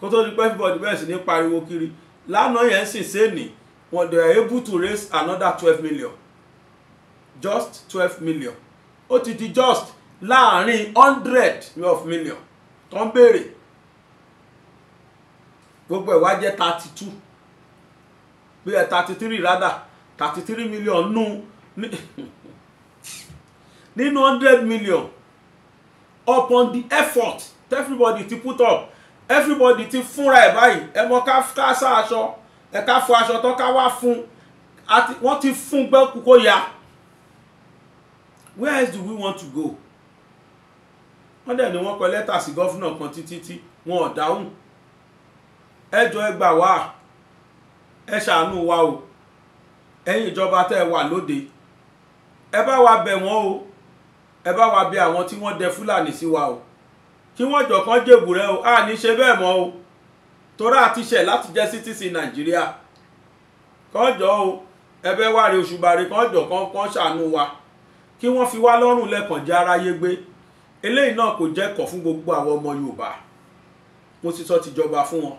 kó tó di pé everybody bẹ̀rẹ̀ sí ní pariwo kiri lánàá yẹn sì sẹ́ni wọ́n they are able to raise another twelve million just twelve million ó ti di just láàrin hundred of million tó ń béèrè gbogbo ẹ̀ wá jẹ́ thirty two bí ẹ̀ thirty three rather thirty three million nù nínú hundred million upon the effort everybody ti put up everybody ti fúnra ẹ̀ báyìí ẹ mọ ká ká sá aṣọ ẹ ká fọ aṣọ tán ká wá fún wọ́n ti fún gbẹ́kú kó ya where else do we want to go wọ́n dẹ̀ ni wọ́n kọ lẹ́tà sí gọ́fúnà kan títí tí wọn ò dáhùn ẹ jọ̀ọ́ ẹ gbà wá ẹ ṣàánú wa o ẹ̀yin ìjọba tẹ́ ẹ wà lóde ẹ bá wa bẹ̀ wọ́n o ẹ bá wa bẹ̀ àwọn tí wọ́n dẹ fúlàní sí wa o kí wọ́n jọ kán jèbù rẹ o a ní ṣe bẹ́ẹ̀ mọ́ o torá àti ṣẹ̀ láti jẹ́ citizen nàìjíríà kán jọ o ẹbẹ wà rí òṣùbàrè kán jọ kán kán ṣàánú wa kí wọ́n fi wá lọ́rùn lẹ́kàn jẹ́ aráyé gbé eléyìí náà kò jẹ́ kọ̀ fún gbogbo àwọn ọmọ yorùbá mo ti sọ tìjọba fún wọn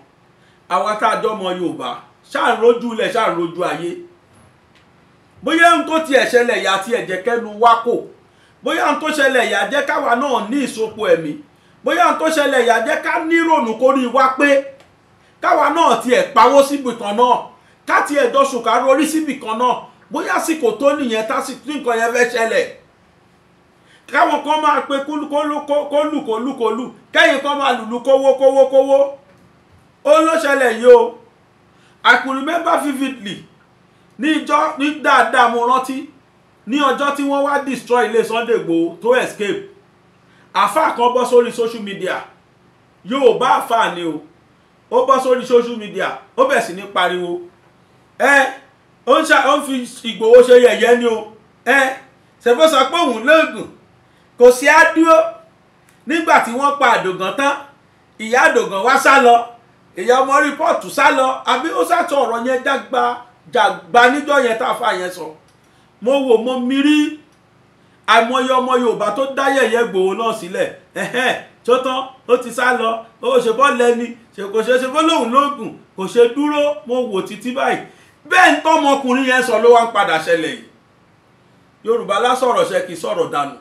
àwa tá a jọ ọmọ yorùbá ṣàǹrojú ilẹ̀ ṣàǹrojú ayé bóyá ohun tó ti ẹ̀ṣẹ̀lẹ̀ yà àti ẹ̀jẹ̀kẹ́nu wákò bóyá ohun tó ṣẹlẹ̀ yà jẹ́ káwa náà ní ìsopọ̀ ẹ̀mí bóyá ohun tó ṣẹlẹ̀ yà jẹ́ ká nírònú kórí wa pé káwa náà tiẹ̀ pawó síbi kan náà ká tiẹ̀ dọ̀sùn ká rorí síbi kan náà bóyá àsìkò tó nìyẹn tásìkò nǹkan yẹn fẹ́ ṣẹlẹ̀ káwọn kan máa pe kólùkólùkólù kẹ́yìn kan máa lùlù kówó kówó kówó ó ló ṣẹlẹ̀ yìí o I could vividly ní ìjọ ní dáadáa mo rántí ní ọjọ́ tí wọ́n wá destroy ilé Sunday Igboho tó escape àáfàá kan bọ́ sórí social media yóò bá àáfàá ni o ó bọ́ sórí social media ó bẹ̀ sí ní pariwo ẹ ó ń fi Ìgbòho ṣe yẹ̀yẹ́ ni o ẹ ṣẹ̀fọ́ sọ pé òun lóògùn kò sí á nígbà tí wọ́n pa àdògàn tán ìyá àdògàn wá sá lọ ìyá ọmọ rìpọ́ọ̀tù sá lọ àbí ó sàtọ̀ ọ̀rọ̀ yẹn jágba jàgbá níjọ́ yẹn tá a fà yẹn sọ. So mo wò mo mirí àìmọye ọmọ yorùbá tó dá yẹ̀yẹ́ Ìgbòho náà sílẹ̀ tó tán ó ti sá lọ ó ṣe bọ́ lẹ́ni kò ṣe ṣe fọlọ́hùn lóògùn kò ṣe dúró mo wò títí báyìí bẹ́ẹ̀ ń tọ́mọkùnrin yẹn sọ ló wá ń padà ṣẹlẹ̀ yìí yorùbá lásọ̀rọ̀ ṣe kì í sọ̀rọ̀ dànù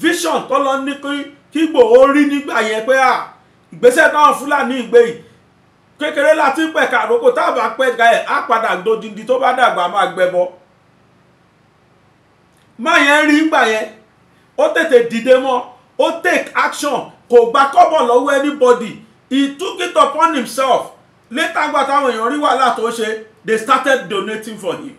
vision tọ́lọ́ ní kí Ìgbòho rí nígbà yẹn pé à ìgbésẹ̀ táwọn fúlàní ìgbé yìí kékeré láti pẹ̀ka àrókò tá a bá pẹ̀ka ẹ̀ á padà gbòdìdì tó bá dàgbà máa gbẹbọ má yẹn rí gbà yẹn ó tètè dìde mọ́ ó take action kò gba kọ́bọ̀ lọ́wọ́ anybody he took it upon himself later gba táwọn èèyàn rí wàhálà tó ṣe they started donating for him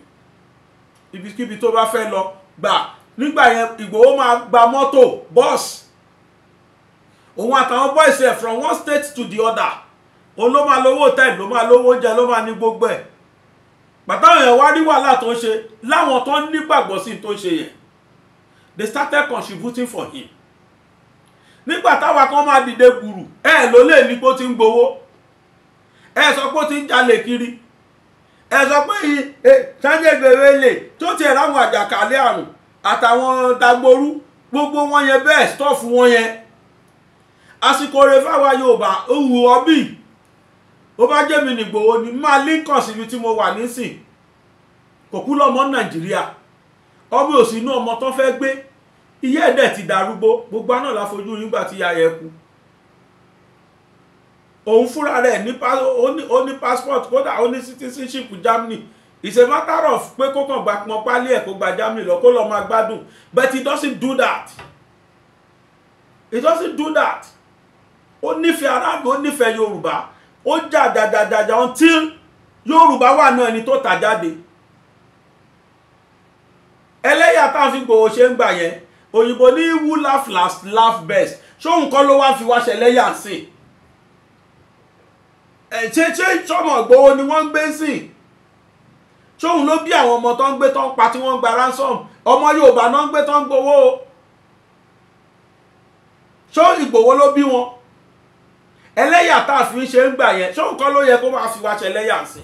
ibikíbi tó bá fẹ́ lọ gbà nígbà yẹn Ìgbòho máa gba mọ́tò bọ́ọ̀sì òun àtàwọn boys ẹ̀ from one state to the other òun ló máa lówó tẹ̀ ló máa lówó oúnjẹ ló máa ní gbogbo ẹ̀ bàtàwọn èèyàn wá rí wàhálà tó ń ṣe láwọn tó ń nígbàgbọ́ sí tó ń ṣe yẹn they started contributing for him nígbà táwa kan máa dìde gbùrù ẹ ló lè ní pé ó ti ń gbowó ẹ sọ pé ó ti ń jalè kiri ẹ sọ pé Sunday gbèrè lè tó tiẹ̀ ráwọn àjàkálẹ̀ àrùn àtàwọn dagboru gbogbo wọn yẹn bẹ́ẹ̀ stọ́ọ̀fù wọn yẹn àsìkò rẹ̀ fáwa Yorùbá ó wù ọ́ bíi ó bá jẹ́ mi nìgbòho ni máa lincoln síbi tí mo wà nísìn kò kú lọ́mọ nàìjíríà ọmọ òsì inú ọmọ tán fẹ́ gbé ìyá ẹ̀ dẹ̀ ti darúgbó gbogbo aná la fojú nígbà tí ìyá yẹn kú òun fúnra rẹ̀ ó ní passport kódà ó ní citizenship Germany it's a matter of pé kó kàn gba pọn pálí ẹ̀ kó gba Germany lọ kó lọ máa gbádùn but he doesn't do that He doesn't do that ó nífẹ̀ẹ́ aráàlú ó nífẹ̀ẹ́ Yorùbá ó jà jàjàjàjà until Yorùbá wà náà ni tó tà jáde ẹlẹ́yà táwọn fi gbòòwò ṣe ń gbà yẹn òyìnbó ní who laugh last laugh best ṣóhun kọ́ ló wá fi wá ṣẹlẹ́yà sí ẹ̀ṣẹ́ ṣé ìṣọ́mọ̀ gbowó ni wọ́n ń gbé sìn ṣóhun ló bí àwọn ọmọ tó ń gbé tó ń pa tí wọ́n ń gba ransom ọmọ Yorùbá náà ń gbé tó ń gbowó ṣó Ìgbòho ló bí wọn ẹlẹ́yà tá a fi ń ṣe ń gbà yẹn ṣóun kọ́ ló yẹ kó máa fi wá ṣe ẹlẹ́yà sí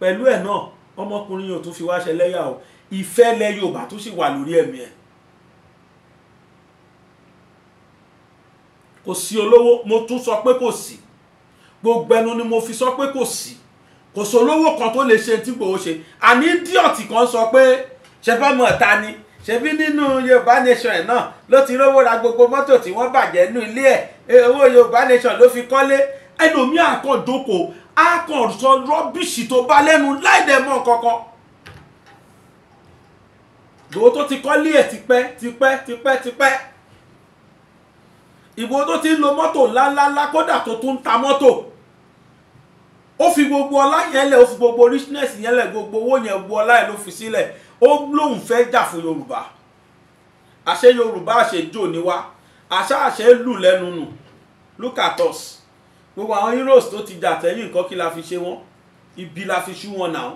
pẹ̀lú ẹ̀ náà ọmọkùnrin yóò tún fi wá ṣe ẹlẹ́yà o ìfẹ́ lẹ Yorùbá tó sì wà lórí ẹ̀mí ẹ̀ kò sí olówó mo tún sọ pé kò sí gbogbo ẹnu ni mo fi sọ pé kò sí kò sólówó kan tó lè ṣe tí Ìgbòho ṣe àní díọ̀tì kan sọ pé ṣẹfẹ́ mọ̀ ta ni ṣebí nínú yorùbá nation ẹ̀ náà ló ti rówó ra gbogbo mọ́tò tí wọ́n bàjẹ́ nínú ilé ẹ̀ owó yorùbá nation ló fi kọ́lé ẹlòmíà kan jókòó á kàn sọ rọ́bìṣì tó bá lẹ́nu láì dẹ̀ mọ́ kankan ìgbòho tó ti kọ́lé ẹ̀ tipẹ́ tipẹ́ tipẹ́ tipẹ́ ìgbòho tó ti ń lo mọ́tò ńláńláńlá kódà tó tún ń ta mọ́tò ó fi gbogbo ọlá yẹn lẹ̀ ó fi gbogbo richness yẹn lẹ̀ gbogbo owó yẹn gbogbo ọlá yẹn ló fi sílẹ̀ ó lóun fẹ́ jà fún yorùbá àṣẹ yorùbá àṣẹ jò ní wá àṣà àṣẹ lù lẹ́nu nù look at us gbogbo àwọn heroes tó ti jà tẹ́yìn nǹkan kí la fi ṣe wọ́n ibi la fi ṣú wọn náà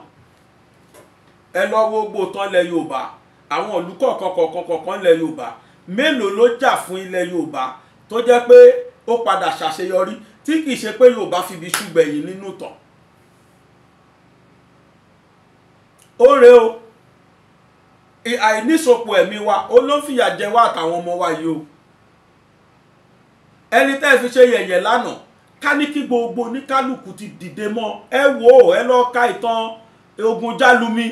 ẹ lọ wo gbò tán lẹ yorùbá àwọn ìlú kọ̀ọ̀kan kọ̀ọ̀kan kọ̀ọ̀kan lẹ yorùbá mélòó ló jà fún ilẹ̀ yorùbá tó jẹ́ pé ó padà ṣàṣeyọrí tí kì í ṣe pé yorùbá fibi ṣùgbẹ̀yìn nínú tán ó rèé o àìníṣopọ̀ ẹ̀mí wa ó ló ń fìyà jẹ wá àtàwọn ọmọ wa yìí o ẹni tẹ́ ẹ fi ṣe yẹ̀yẹ̀ lánàá ká ní kí gbogbo oníkálukú ti dìde mọ́ ẹ wò ó ẹ lọ́ọ́ ka ìtàn ogun jálumi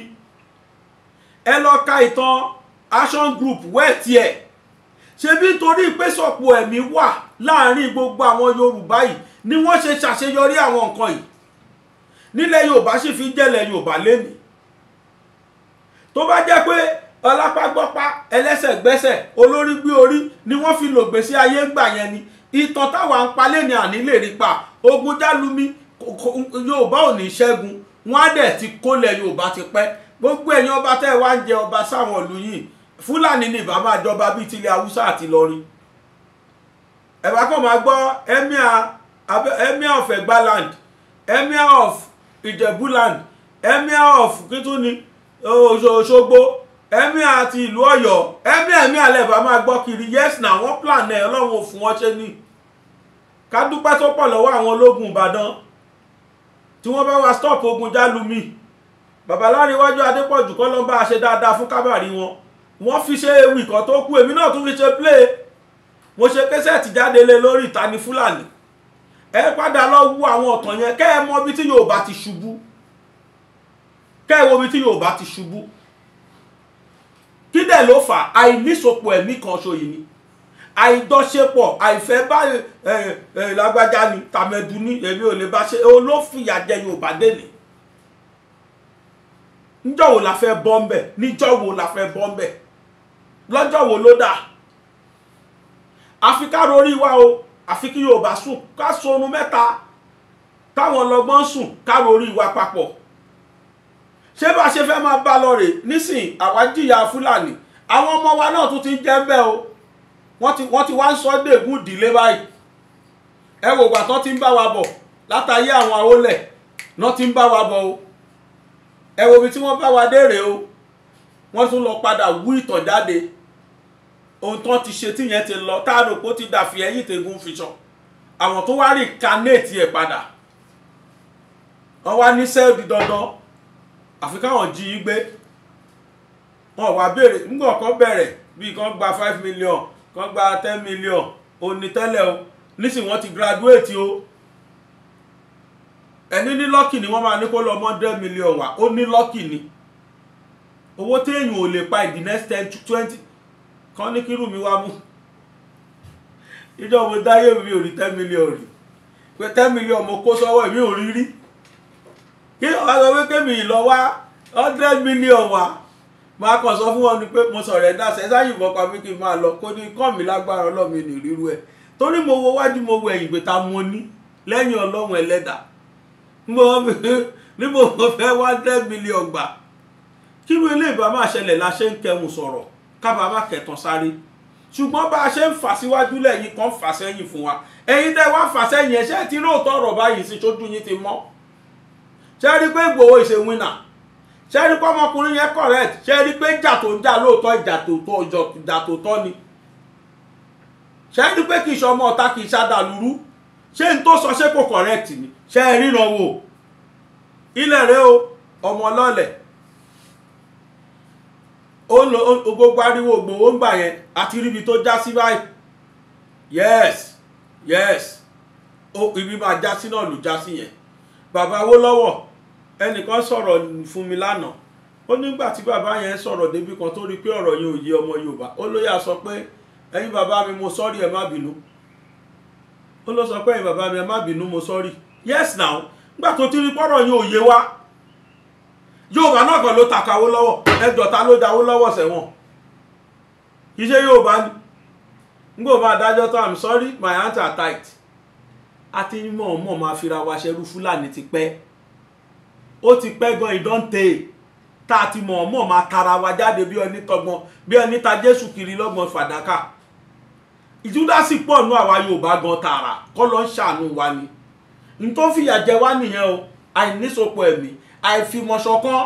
ẹ lọ́ọ́ ka ìtàn action group wẹ́ẹ̀tì ẹ̀ ṣebí nítorí ìpèsòpọ̀ ẹ̀mí wà láàrin gbogbo àwọn yorùbá yìí ni wọ́n ṣe ṣàṣeyọrí àwọn nǹkan yìí nílẹ̀ yorùbá sì fi jẹ́lẹ̀ yorùbá lénìí tó bá jẹ́ pé ọlápágbọ́pá ẹlẹ́sẹ̀ gbẹ́sẹ̀ olórí gbé orí ni wọ́n fi lògbèsí ayé ń gbà yẹn ni ìtàn táwa ń palẹ̀ ní àní lè rí pa ogun jálumi yorùbá ò ní ṣẹ́gun wọ́n á dẹ̀ ti kólẹ̀ yorùbá ti pẹ́ gbogbo ẹ̀yin ọba tẹ́ ẹ wá ń jẹ ọba sáwọn ìlú yìí fúlàní ni bàbá àjọba bíi tilẹ̀ haúsá àti lọrin ẹ̀bá kan máa gbọ́ emir of egbaland emir of ijebuland emir of kítúni òṣogbo emir àti ìlú Ọ̀yọ́ emir emir alẹ́ bá máa gbọ́ kiri yes na wọ́n plan ẹ̀ ọlọ́run ò fún wọn ṣe ni ká dúpẹ́ tó pọ̀ lọ́wọ́ àwọn ológun Ìbàdàn tí wọ́n bá wa stop ogun jálumi babaláríwájú Adépọ̀jù kọ́ ló ń bá a ṣe dáadáa fún kábàárì wọn wọ́n fi ṣe ewì kan tó kú èmi náà tún fi ṣe play mo ṣe késẹ́ẹ̀tì jáde lé lórí ìtani Fúlàní ẹ padà lọ wo àwọn ọ̀tàn yẹn kẹ́ ẹ mọ ibi tí Yorùbá ti ṣubú kẹ́ ẹ wo ibi tí Yorùbá ti ṣubú kí dẹ̀ ló fà àìníṣopọ̀ ẹ̀mí kan ṣoyìn ni àìjọṣepọ̀ àìfẹ́ bá lágbájá ni tàmẹ̀dù ni èmi ò lè bá ṣe olófìyà jẹ Yorùbá dé ni níjọ́ wo la fẹ́ bọ́ ń bẹ̀ níjọ́ wo la fẹ́ bọ́ ń bẹ̀ lọ́jọ́ wo ló dà àfi ká rorí wa o àfi kí Yorùbá sùn ká sorun mẹ́ta táwọn ọlọ́gbọ́n sùn ká rorí wa papọ̀ ṣé bá a ṣe fẹ́ máa bá lọ rè nísìn àwa jìyà fúlàní àwọn ọmọ wa náà tún ti ń jẹ́ bẹ́ẹ̀ o wọ́n ti wọ́n ti wá ń sọ dègún ìdílé báyìí ẹ wò gbà tán ti ń bá wa bọ̀ látàyé àwọn àwọlẹ̀ náà ti ń bá wa bọ̀ o ẹ wo ibi tí wọ́n bá wa dé rèé o wọ́n tún lọ padà wú ìtàn jáde ohun tán ti ṣe tíyẹn ti lọ tá a rò pé ó ti dàfi ẹyìn tẹ̀gùn fìṣàn àwọn tó wá rí kanéètì ẹ̀ padà wọ́n wá ní sẹ́ẹ̀dì dandan àfi káwọn jí i gbé wọn wá béèrè nígbà kan bẹ̀rẹ̀ bíi kan gba five million kan gba ten million òní tẹ́lẹ̀ o nísìnyí wọ́n ti graduate o ẹni ní lọ́kì ni wọ́n máa ní kó lọ mọ́ hundred million wá ó ní lọ́kì ni owó téèyàn ò lè pa ìdí next ten to twenty kan ní kírù mi wá mú ìjọba dáyé mi ò rí ten million rí pé ten million mo kó sọ́wọ́ mi ò rí rí kí ọ̀rọ̀ sọ pé kémi lọ wá hundred million wá máa kàn sọ fún wọn ni pé mo sọ̀rọ̀ ẹ̀dá sẹ́sà yìnbọn pa mí kí n máa lọ kó ní kàn mí lágbára ọlọ́mi ní ríru ẹ̀ torí mo wo wájú mo wo ẹ̀yìn pé ta mo ní lẹ́yìn ọlọ́run ẹlẹ́dà níbo mo fẹ́ wá hundred million gbà kí ló ilé ìbámu àṣẹlẹ̀ la ṣe ń kẹun sọ̀rọ̀ kábàá má kẹtàn sáré ṣùgbọ́n bá a ṣe ń fà síwájú lẹ́yìn kan fà sẹ́yìn fún wa ẹ̀yin tẹ́ wá fà sẹ́yìn ẹ̀ṣẹ́ tí lóòótọ́ ọ̀rọ̀ báyìí sí ṣojú yín ti mọ́ ṣe rí pé Ìgbòho is a winner ṣe rí pé ọmọkùnrin yẹn correct ṣe rí pé ìjà tó ń jà lóòótọ́ ni ṣe rí pé kì ṣe ọmọ ọ̀tá ṣàdàlúrú ṣé n tó sọ ṣé kò correct ni ṣe ríran wò ilẹ̀ o ọmọ ọlọ́ọ̀lẹ̀ ó lo gbogbo ariwo Ìgbòho ń gbà yẹn àti ríbi tó já yes yes ibi máa já sí náà ló já sí yẹn bàbá ẹnìkan sọ̀rọ̀ fún mi lánàá ó nígbà tí bàbá yẹn sọ̀rọ̀ débi kan tó rí pé ọ̀rọ̀ yìí ò yé ọmọ Yorùbá ó ló yà sọ pé ẹyin bàbá mi mo sọ́rí ẹ má bínú ó ló sọ pé bàbá yes now nígbà tó ti rí pé ò yé wá Yorùbá náà kàn ló lọ́wọ́ ẹjọ́ ta ló da lọ́wọ́ sẹ́wọ̀n kì í ṣe Yorùbá ni bá dájọ́ tó sorry my ó ti pẹ́ gan ìdọ́ǹtẹ̀ tá a ti mọ̀ ọ́n mọ̀ máa tara wa jáde bí ẹni tọgbọ́n bí ẹni ta jésù kiri lọ́gbọ́n fàdákà ìjúdásí pọ̀ nú àwa yorùbá gan tààrà kọ́ ló ń ṣàánú wa ni n tó fìyà jẹ wá nìyẹn o àìníṣopọ̀ ẹ̀mí àìfimọ̀ṣọ̀kan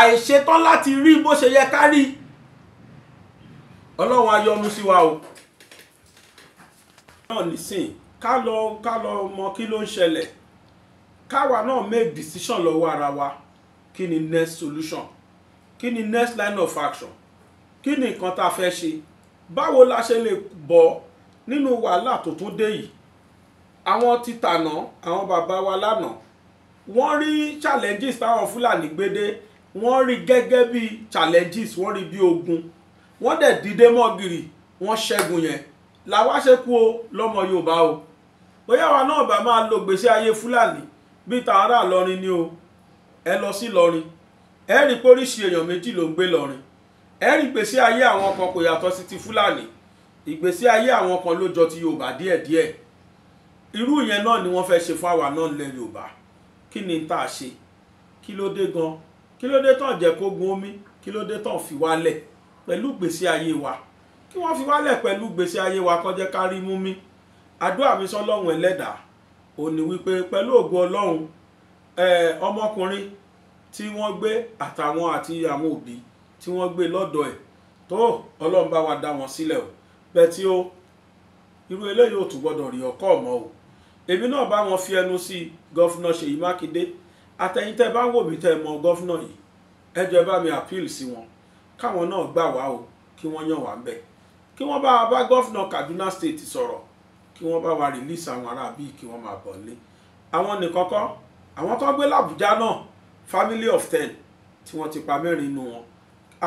àìṣetán láti rí bó ṣe yẹ ká rí ọlọ́run ayọ́nu sí wa o náà nísìn ká lọ ká lọ mọ kí ló ń ṣẹlẹ̀ káwa náà make decision lọ́wọ́ ara wa kí ni next solution kí ni next line of action kí ni nǹkan tá a fẹ́ ṣe báwo la ṣe lè bọ́ nínú wàhálà tó tún dé yìí àwọn ti tànà àwọn bàbá wa lánàá wọ́n rí challenges táwọn fúlàní gbédé wọ́n rí gẹ́gẹ́ bí challenges wọ́n rí bí ogun wọ́n dẹ̀ dìde mọ́gìrì wọ́n ṣẹ́gun yẹn làwa ṣe kú o lọ́mọ yorùbá o bóyá wa náà bá máa lo gbèsè ayé fúlàní bí tààrà lọrin ni o ẹ lọ sí lọrin ẹ rí póríṣi èèyàn méjì ló ń gbé lọrin ẹ rí ìgbésí ayé àwọn kan kò yàtọ̀ sí ti fúlàní ìgbésí ayé àwọn kan ló jọ ti yorùbá díẹ̀díẹ̀ irú yẹn náà ni wọ́n fẹ́ ṣe fún àwa náà nílẹ̀ yorùbá kí ni tá a ṣe kí ló dé gan kí ló dé tán jẹ́ kógun omi kí ló dé tán fi wálẹ̀ pẹ̀lú ìgbésí ayé wa kí wọ́n fi wálẹ̀ pẹ̀lú ìgbésí ayé wa kó jẹ́ ká rí mú mi àdúrà mi sọ́lọ́run ẹlẹ́dàá ó ní wípé pẹ̀lú ògo ọlọ́run ọmọkùnrin tí wọ́n gbé àtàwọn àti àwọn òbí tí wọ́n gbé lọ́dọ̀ ẹ̀ tó ọlọ́run bá wa dá wọn sílẹ̀ o bẹ́ẹ̀ tí ó irú eléyìí ò tún gbọ́dọ̀ rí ọkọ ọmọ o èmi náà bá wọn fi ẹnu sí gọ́fúnà Ṣèyí Mákindé àtẹ̀yìntẹ́ bá ń wò mí tẹ́ mọ gọ́fúnà yìí ẹjọ́ ẹ bá mi appeal sí wọn káwọn náà gbà wá o kí wọ́n yàn wá ń bẹ̀ kí wọ́n bá bá gọ́fúnà Kaduna State sọ̀rọ̀ kí wọ́n bá wa release àwọn ará bíi kí wọ́n máa bọ̀ lé àwọn nìkọ́kọ́ àwọn tó gbé làbújá náà family of ten tí wọ́n ti pa mẹ́rin nínú wọn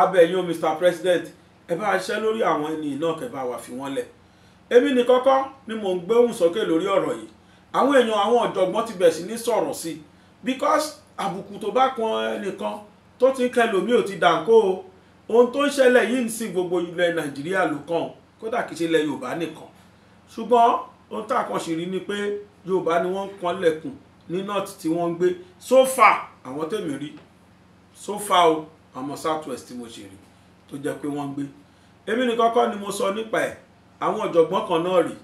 abẹ́yìn Mr President ẹ bá ṣẹ́ lórí àwọn ẹni náà kẹ́ bá wa fi wọ́n lẹ̀ èmi nìkọ́kọ́ ni mò ń gbóhùn sókè lórí ọ̀rọ̀ yìí àwọn èèyàn àwọn ọ̀jọ̀gbọ́n ti bẹ̀rẹ̀ sí ní sọ̀rọ̀ sí because àbùkù tó bá kan ẹnìkan tó ti ń kẹlòmíì ò ti dànkó o ohun tó ń ṣẹlẹ̀ yìí ń sin gbogbo ilẹ̀ Nàìjíríà ló kàn kódà kìí ṣe ilẹ̀ Yorùbá nìkan ṣùgbọ́n ohun tá a kàn ṣe rí ni pé yorùbá ni wọ́n ń kanlẹ̀kùn ní north tí wọ́n ń gbé so far àwọn tèmi rí so far o àmọ́ south west mo ṣe rí tó jẹ́ pé wọ́n ń gbé èmi ní kọ́kọ́ ni mo sọ nípa ẹ̀ àwọn ọ̀jọ̀gbọ́n kan náà rí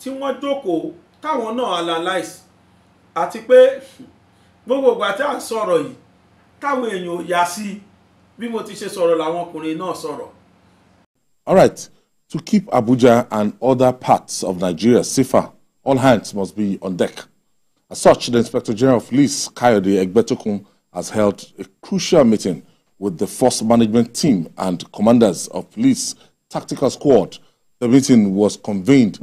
tí wọ́n jókòó táwọn náà analyse àti pé gbogbo ìgbà tí à sọ̀rọ̀ yìí táwọn èèyàn ò yá sí bí mo ti ṣe sọ̀rọ̀ làwọn ọkùnrin náà sọ̀rọ̀. all right To keep Abuja and other parts of Nigeria safer, all hands must be on deck. As such, the Inspector General of Police, Kayode Egbetokun, has held a crucial meeting with the force management team and commanders of police tactical squad. The meeting was convened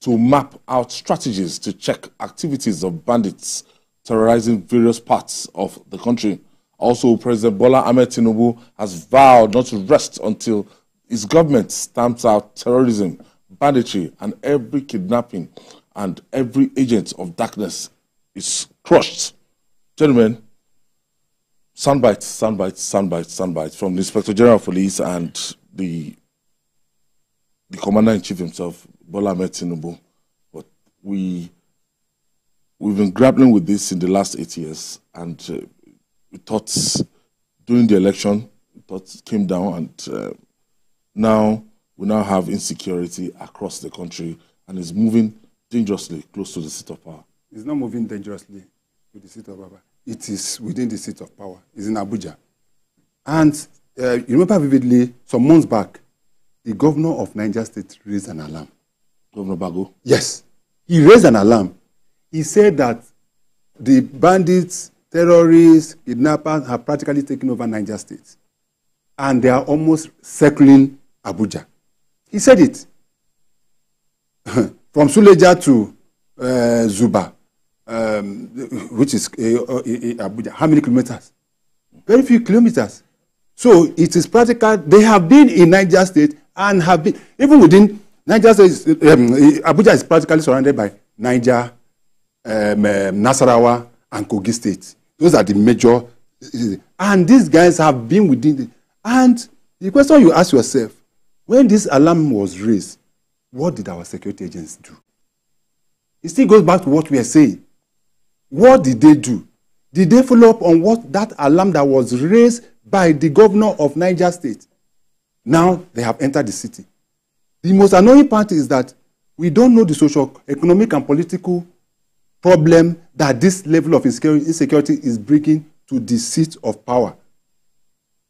to map out strategies to check activities of bandits terrorizing various parts of the country. Also, President Bola Ahmed Tinubu has vowed not to rest until his government stamps out terrorism, banditry, and every kidnapping, and every agent of darkness is crushed. Gentlemen, soundbite, soundbite, soundbite, soundbite from the Inspector General of Police and the the Commander in Chief himself, Bola Metinubu. But we we've been grappling with this in the last eight years, and uh, we thought during the election, thoughts came down and. Uh, now, we now have insecurity across the country and is moving dangerously close to the seat of power. It's not moving dangerously to the seat of power. It is within the seat of power. It's in Abuja. And uh, you remember vividly, some months back, the governor of Niger State raised an alarm. Governor Bago? Yes. He raised an alarm. He said that the bandits, terrorists, kidnappers have practically taken over Niger State. And they are almost circling Abuja. He said it. From Suleja to uh, Zuba, um, which is uh, Abuja, how many kilometers? Very few kilometers. So it is practical. They have been in Niger State and have been, even within Niger State, um, Abuja is practically surrounded by Niger, um, Nasarawa, and Kogi State. Those are the major. And these guys have been within. The, and the question you ask yourself When this alarm was raised, what did our security agents do? It still goes back to what we are saying. What did they do? Did they follow up on what that alarm that was raised by the governor of Niger State? Now they have entered the city. The most annoying part is that we don't know the social, economic, and political problem that this level of insecurity is bringing to the seat of power.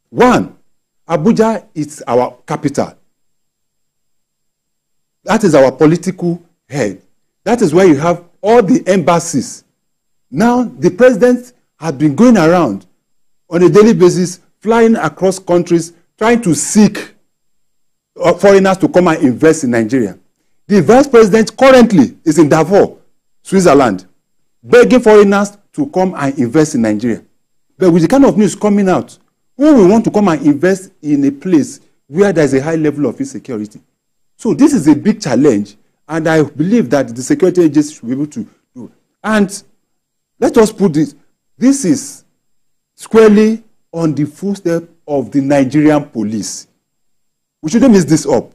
One, Abuja is our capital. That is our political head. That is where you have all the embassies. Now, the president has been going around on a daily basis, flying across countries, trying to seek uh, foreigners to come and invest in Nigeria. The vice president currently is in Davos, Switzerland, begging foreigners to come and invest in Nigeria. But with the kind of news coming out, who will want to come and invest in a place where there is a high level of insecurity? So this is a big challenge, and I believe that the security agencies should be able to do. And let us put this: this is squarely on the footstep of the Nigerian police. We shouldn't miss this up.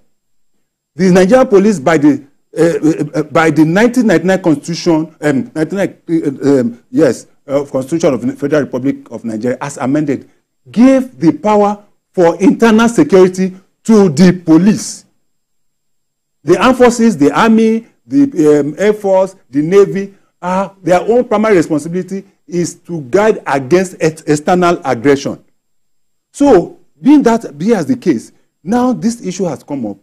The Nigerian police, by the uh, uh, by the 1999 Constitution, um, 1999, uh, um, yes, uh, Constitution of the Federal Republic of Nigeria, as amended, gave the power for internal security to the police. The armed forces, the army, the um, air force, the navy, uh, their own primary responsibility is to guard against ex external aggression. So, being that be as the case, now this issue has come up.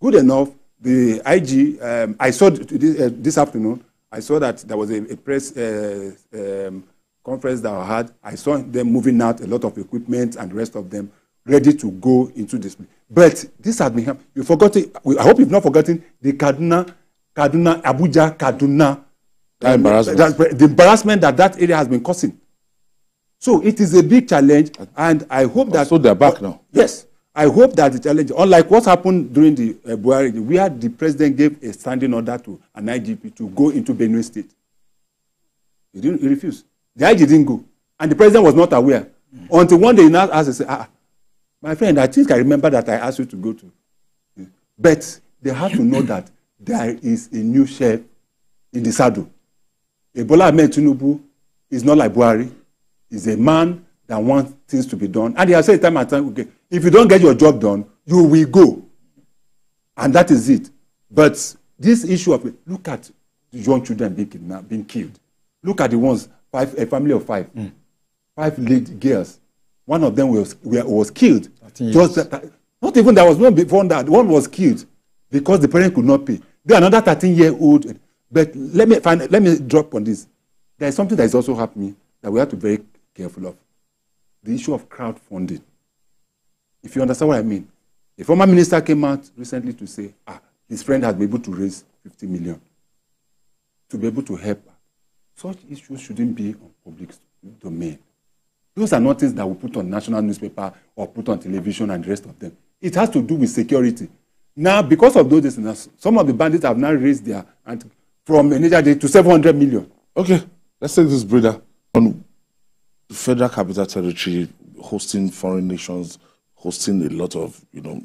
Good enough, the IG, um, I saw this, uh, this afternoon, I saw that there was a, a press uh, um, conference that I had. I saw them moving out a lot of equipment and the rest of them ready to go into display. But this has become, you forgot it, I hope you've not forgotten the Kaduna, Kaduna, Abuja, Kaduna. That um, embarrassment. That, the embarrassment that that area has been causing. So it is a big challenge, and I hope that. So they're back now. Yes. I hope that the challenge, unlike what happened during the uh, Buhari, where the president gave a standing order to an IGP to go into Benue State. He, didn't, he refused. The IG didn't go. And the president was not aware. Mm. Until one day he now asked, ah, My friend, I think I remember that I asked you to go to. But they have to know that there is a new chef in the saddle. Ebola Ahmed Tinubu is not like Buhari. He's a man that wants things to be done. And he has said time and time, okay, if you don't get your job done, you will go. And that is it. But this issue of look at the young children being kidnapped, being killed. Look at the ones, five, a family of five, mm. five girls one of them was, was killed. Just that, not even there was one before that. One was killed because the parent could not pay. Then another 13 year old. But let me find, let me drop on this. There is something that is also happening that we have to be very careful of. The issue of crowdfunding. If you understand what I mean, a former minister came out recently to say, ah, his friend has been able to raise 50 million to be able to help. Such issues shouldn't be on public domain. Those are not things that we put on national newspaper or put on television and the rest of them. It has to do with security. Now, because of those things, some of the bandits have now raised their and from Niger Day to 700 million. Okay, let's take this, brother. On the federal capital territory, hosting foreign nations, hosting a lot of you know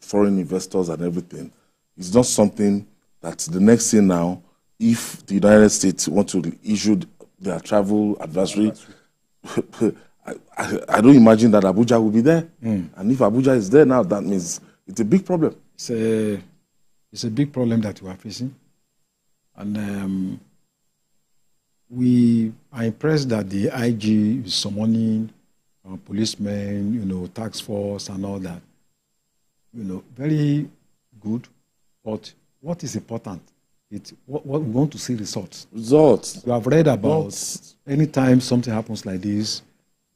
foreign investors and everything, it's not something that the next thing now, if the United States want to issue their travel advisory. advisory I, I, don't imagine that Abuja will be there. Mm. And if Abuja is there now, that means it's a big problem. It's a, it's a big problem that we are facing. And um, we are impressed that the IG is summoning uh, policemen, you know, tax force and all that. You know, very good. But what is important it what, what, we want to see results. Results. You have read about results. anytime something happens like this,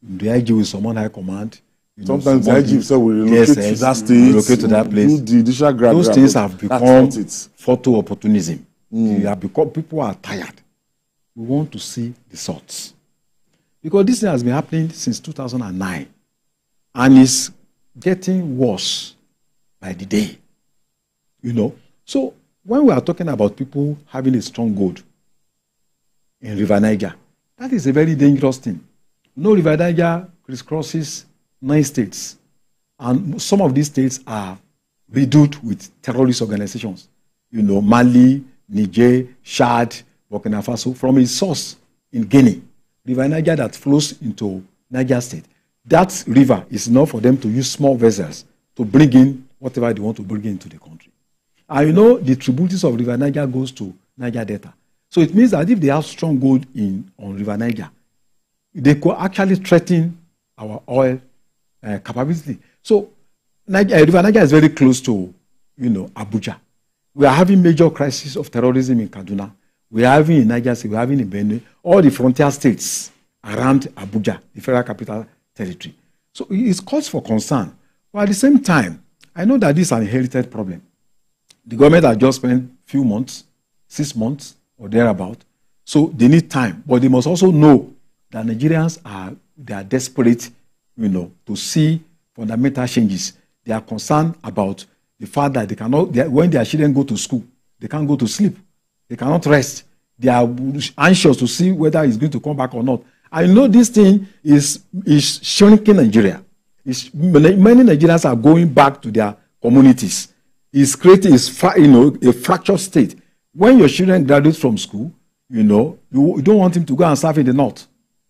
the IG with someone high command. Sometimes know, the IG itself will relocate yes, to that state, relocate to that place. Do the grab Those things have become photo opportunism. Mm. have become people are tired. We want to see results because this thing has been happening since 2009, and it's getting worse by the day. You know, so when we are talking about people having a strong gold in River Niger, that is a very dangerous thing. No River Niger crisscrosses nine states, and some of these states are riddled with terrorist organizations. You know, Mali, Niger, Chad, Burkina Faso, from its source in Guinea, River Niger that flows into Niger state. That river is enough for them to use small vessels to bring in whatever they want to bring into the country. And you know, the tributaries of River Niger goes to Niger Delta. So it means that if they have strong gold in on River Niger, they could actually threaten our oil uh, capability. So Niger, uh, River Niger is very close to, you know, Abuja. We are having major crisis of terrorism in Kaduna. We are having in Niger We are having in Benue. All the frontier states around Abuja, the federal capital territory. So it's cause for concern. But at the same time, I know that this is an inherited problem the government has just spent few months, six months or thereabout. So they need time, but they must also know that Nigerians are they are desperate, you know, to see fundamental changes. They are concerned about the fact that they cannot they, when their children go to school, they can't go to sleep, they cannot rest. They are anxious to see whether it's going to come back or not. I know this thing is is shrinking Nigeria. It's, many Nigerians are going back to their communities is creating is you know a fractured state. When your children graduate from school, you know you, you don't want him to go and serve in the north.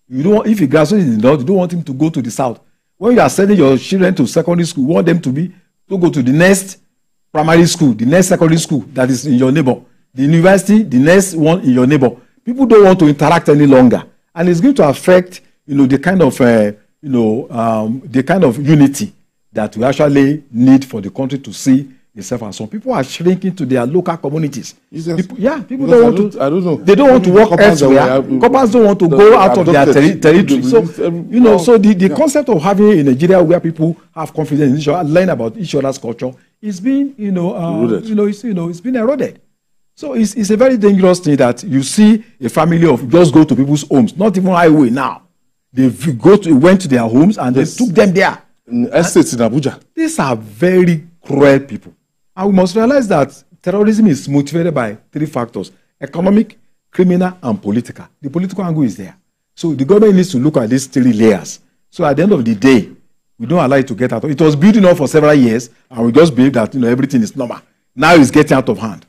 You don't want, if he graduates in the north, you don't want him to go to the south. When you are sending your children to secondary school, you want them to be to go to the next primary school, the next secondary school that is in your neighbor, the university, the next one in your neighbor. People don't want to interact any longer, and it's going to affect you know the kind of uh, you know um, the kind of unity that we actually need for the country to see themselves and some people are shrinking to their local communities. People, yeah, people because don't want to. I don't know. They don't want to work elsewhere. Coppers don't want to go out of their terri territory. So you know, so the, the yeah. concept of having a Nigeria where people have confidence in each other, learn about each other's culture, is being you know, uh, you know, it's, you know, it's been eroded. So it's, it's a very dangerous thing that you see a family of just go to people's homes, not even highway now. They go to went to their homes and yes. they took them there. In estates in Abuja. These are very cruel people. And we must realize that terrorism is motivated by three factors economic, criminal, and political. The political angle is there. So the government needs to look at these three layers. So at the end of the day, we don't allow it to get out. It was building up for several years, and we just believe that you know everything is normal. Now it's getting out of hand.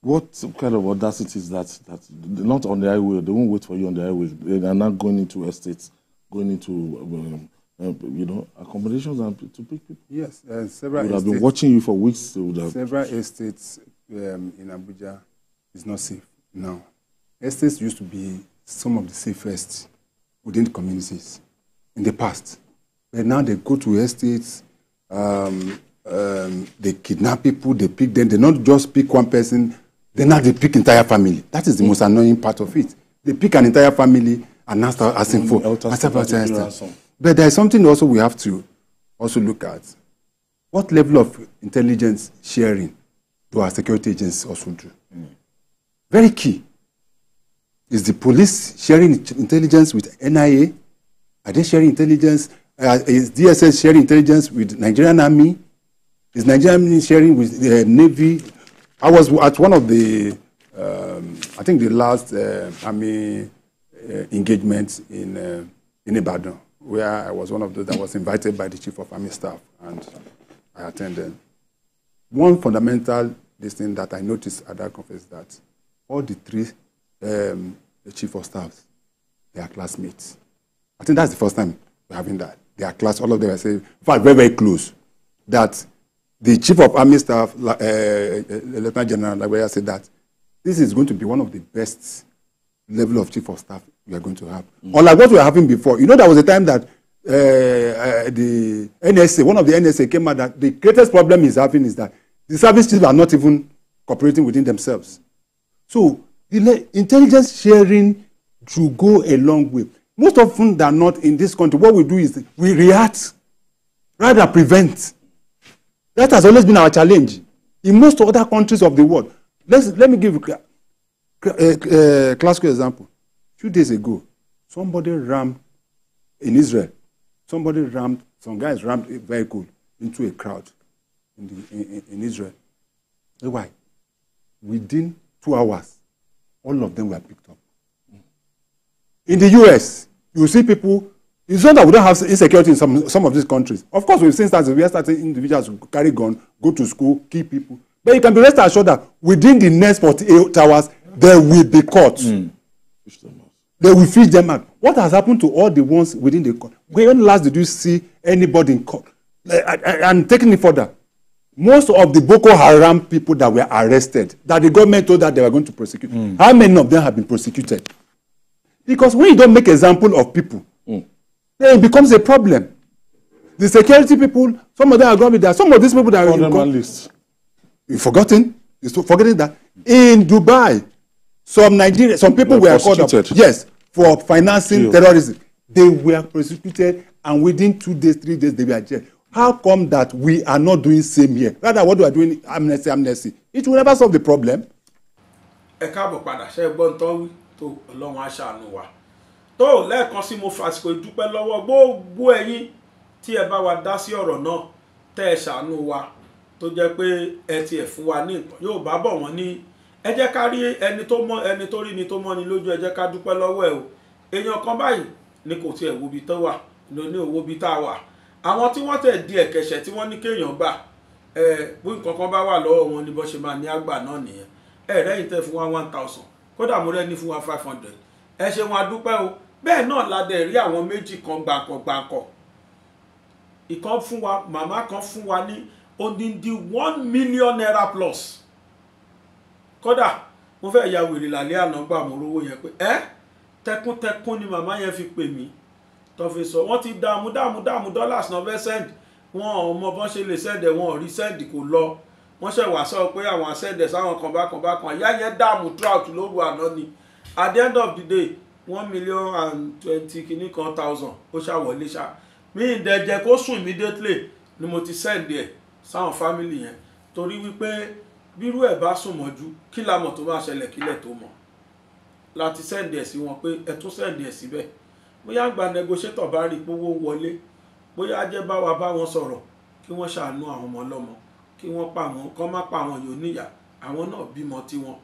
What kind of audacity is that? That not on the highway, they won't wait for you on the highway. They are not going into estates, going into um, uh, you know, accommodations and to pick people. Yes, uh, several. Would have been watching you for weeks. would have several estates um, in Abuja is not safe now. Estates used to be some of the safest within communities in the past, but now they go to estates. Um, um, they kidnap people, they pick them. They not just pick one person. They now they pick entire family. That is the most annoying part of it. They pick an entire family and now start asking mm, for. Asking for But there is something also we have to also look at. What level of intelligence sharing do our security agents also do? Mm. Very key is the police sharing intelligence with NIA? Are they sharing intelligence? Uh, is DSS sharing intelligence with Nigerian Army? Is Nigerian Army sharing with the uh, Navy? I was at one of the, um, I think the last uh, Army uh, engagement in uh, in Ibadan. where I was one of those that was invited by the chief of army staff, and I attended. One fundamental thing that I noticed at that conference that all the three um, the chief of staff, they are classmates. I think that's the first time we're having that. They are class, all of them are saying, in fact, very, very close. That the chief of army staff, uh, uh, Lieutenant General I said that this is going to be one of the best level of chief of staff We are going to have. Mm. Unlike what we were having before. You know, there was a time that uh, uh, the NSA, one of the NSA came out that the greatest problem is having is that the service chiefs are not even cooperating within themselves. So the intelligence sharing should go a long way. Most often than not in this country, what we do is we react rather than prevent. That has always been our challenge in most other countries of the world. Let's, let me give a, a, a classical example. Two days ago, somebody rammed in Israel. Somebody rammed, some guys rammed a vehicle into a crowd in, the, in, in Israel. Why? Within two hours, all of them were picked up. In the US, you see people. It's not that we don't have insecurity in some, some of these countries. Of course, we've seen that we are starting individuals carry gun, go to school, kill people. But you can be rest assured that within the next 48 hours, they will be caught. Mm. They will fish them out. What has happened to all the ones within the court? When last did you see anybody in court? And taking it further, most of the Boko Haram people that were arrested, that the government told that they were going to prosecute, mm. how many of them have been prosecuted? Because when you don't make example of people, mm. then it becomes a problem. The security people, some of them are going to be there. Some of these people that are in court, list. You've forgotten. You're forgetting that in Dubai, some Nigerians, some people were, were called up. Yes, for financing yeah. terrorism they were prosecuted and within two days three days they were jailed how come that we are not doing same here rather what we are doing amnesty amnesty it will never solve the problem. ẹ káàbọ̀ padà ṣe é gbọ́n tán tó ọlọ́run á wa tó lẹ́ẹ̀kan sí mo fàsìkò ìdúpẹ́ lọ́wọ́ gbogbo ẹ̀yin tí ẹ bá wa dá sí ọ̀rọ̀ náà tẹ́ ẹ ṣàánú wa tó jẹ́ pé ẹ tiẹ̀ fún wa ní nǹkan yóò bá bọ̀ wọ́n ní ẹ jẹ́ ká rí ẹni tó mọ ẹni tó rí ni tó mọ́ni lójú ẹ jẹ́ ká dúpẹ́ lọ́wọ́ ẹ o èèyàn kan báyìí ni kò tiẹ̀ wo ibi tó wà ló ní owó ibi tá a wà àwọn tí wọ́n tẹ̀ di ẹ̀kẹ̀ṣẹ̀ tí wọ́n ní kéèyàn bà ẹ bí nǹkan kan bá wà lọ́wọ́ wọn ni bó ṣe máa ní àgbà náà nìyẹn ẹ rẹ́yìn tẹ́ fún wa one thousand kódà mo rẹ́ni fún wa five hundred ẹ ṣe wọn adúpẹ́ o bẹ́ẹ̀ náà la dẹ̀ rí àwọn méjì kan gbàǹkọ̀ gbàǹkọ̀ ìkan fún wa màmá kan fún wa ní odindi one million naira plus kódà mo fẹ́ ya wèrè lálẹ́ àná gbà mo rówó yẹn pé ẹ́ tẹkùntẹkùn ni màmá yẹn fi pè mí tó fi sọ wọ́n ti dààmú dààmú dààmú dollars náà fẹ́ send wọn ò mọ bọ́n ṣe lè send wọn ò rí send kò lọ wọ́n ṣẹ̀ wá sọ pé àwọn send sáwọn kan bá kan bá kan ìyá yẹn dààmú throughout lóru àná ni at the end of the day one million and twenty kìíní kan thousand ó ṣàwọlé ṣá mi ì dẹ̀ jẹ́ kó sùn immediately ni mo ti send ẹ̀ sáwọn family yẹn torí wípé bírú ẹ̀ bá sùn mọ́jú kí la mọ̀ tó bá ṣẹlẹ̀ kílẹ̀ tó mọ̀ láti sẹ́ǹdì ẹ̀ sí wọn pé ẹ tún sẹ́ǹdì ẹ̀ síbẹ̀ bóyá gba negotiator bá rí pówó wọlé bóyá ajẹ́ bá wa bá wọn sọ̀rọ̀ kí wọ́n ṣàánú àwọn ọmọ ọlọ́mọ kí wọ́n pa àwọn kọ́ má pa àwọn yòó níyà àwọn náà bímọ tiwọn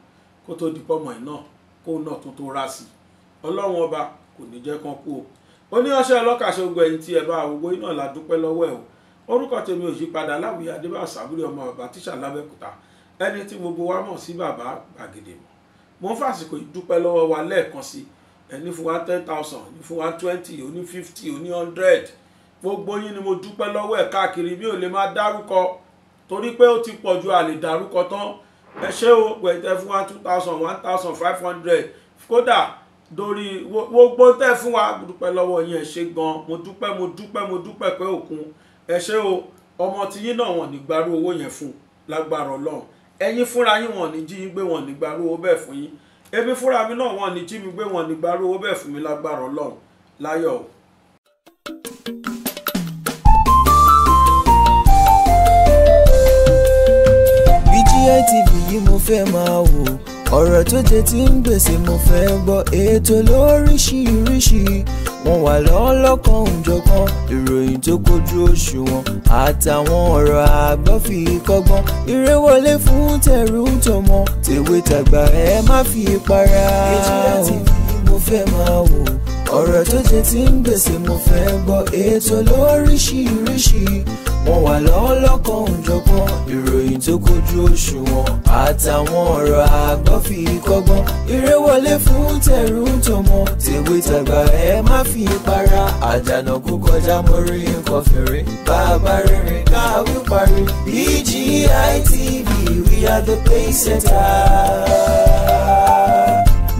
kó tó di pọ́mọ yìí náà kó náà tún tó rà sí ọlọ́run ọba kò ní jẹ́ kán kú o ó ní ọṣẹ ọlọ́kàṣe ogun ẹ̀yìn tí ẹ bá àwògbó iná la dúpẹ́ lọ́wọ́ ẹ̀ o orúkọ tèmi ò yípadà láwùjọ adébáṣà àbúrò ọmọ bàbá tíṣà lábẹ́kúta ẹni tí gbogbo wa mọ̀ sí bàbá gbàgede mọ̀ mo ń fàsìkò ìdúpẹ́ lọ́wọ́ wa lẹ́ẹ̀kan sí ẹni fún wa ten thousand ẹni fún wa twenty oní fifty oní hundred gbogbo yín ni mo dúpẹ́ lọ́wọ́ ẹ̀ káàkiri bí ò lè máa dárúkọ torí pé ó ti pọ̀ ju àlè dárúkọ tán ẹ ṣé o pẹ̀tẹ́ fún wa two thousand one thousand five hundred kódà dórí gbogbo tẹ́ fún wa mo dúpẹ́ lọ́wọ́ yín ẹ ṣé gan mo dúpẹ́ mo dúpẹ́ mo dúpẹ́ pé òkun ẹ ṣé o ọmọ tiyín náà wọ́n ní owó yẹn fún lágbára ọlọ́run ẹ̀yin fúnra yín wọ́n ní jí yín gbé wọ́n ní gbarú owó bẹ́ẹ̀ fún yín èmi fúnra mi náà wọ́n ní jí mi gbé wọ́n ní gbarú owó bẹ́ẹ̀ fún mi lágbára Ọlọ́run láyọ̀ o. yìí mo fẹ́ máa wò ọ̀rọ̀ tó jẹ ti ń gbèsè mo fẹ́ gbọ́ ètò lóríṣiríṣi wọ́n wà lọ́lọ́kan òjọ̀kan ìròyìn tó kojú òṣùwọ̀n àtàwọn ọ̀rọ̀ àgbọ́ fi kọ́gbọ́n eré wọlé fún tẹ̀rù tọmọ tèwe tàgbà ẹ má fi para. ètò láti mo fẹ́ máa wò ọ̀rọ̀ tó jẹ ti ń gbèsè mo fẹ́ gbọ́ ètò lóríṣiríṣi wọ́n wà lọ́wọ́ lọ́kàn òjọ̀gbọ́n ìròyìn tó kojú òṣùwọ̀n àtàwọn ọ̀rọ̀ àgbọ́ fi kọ́gbọ́n eré wọlé fún tẹ̀rù tọmọ tèwe tàgbà ẹ má fi para àdànà kó kọjá mọ́rí nǹkan fèrè bàbá rere káwí parí BGI we are the pace setter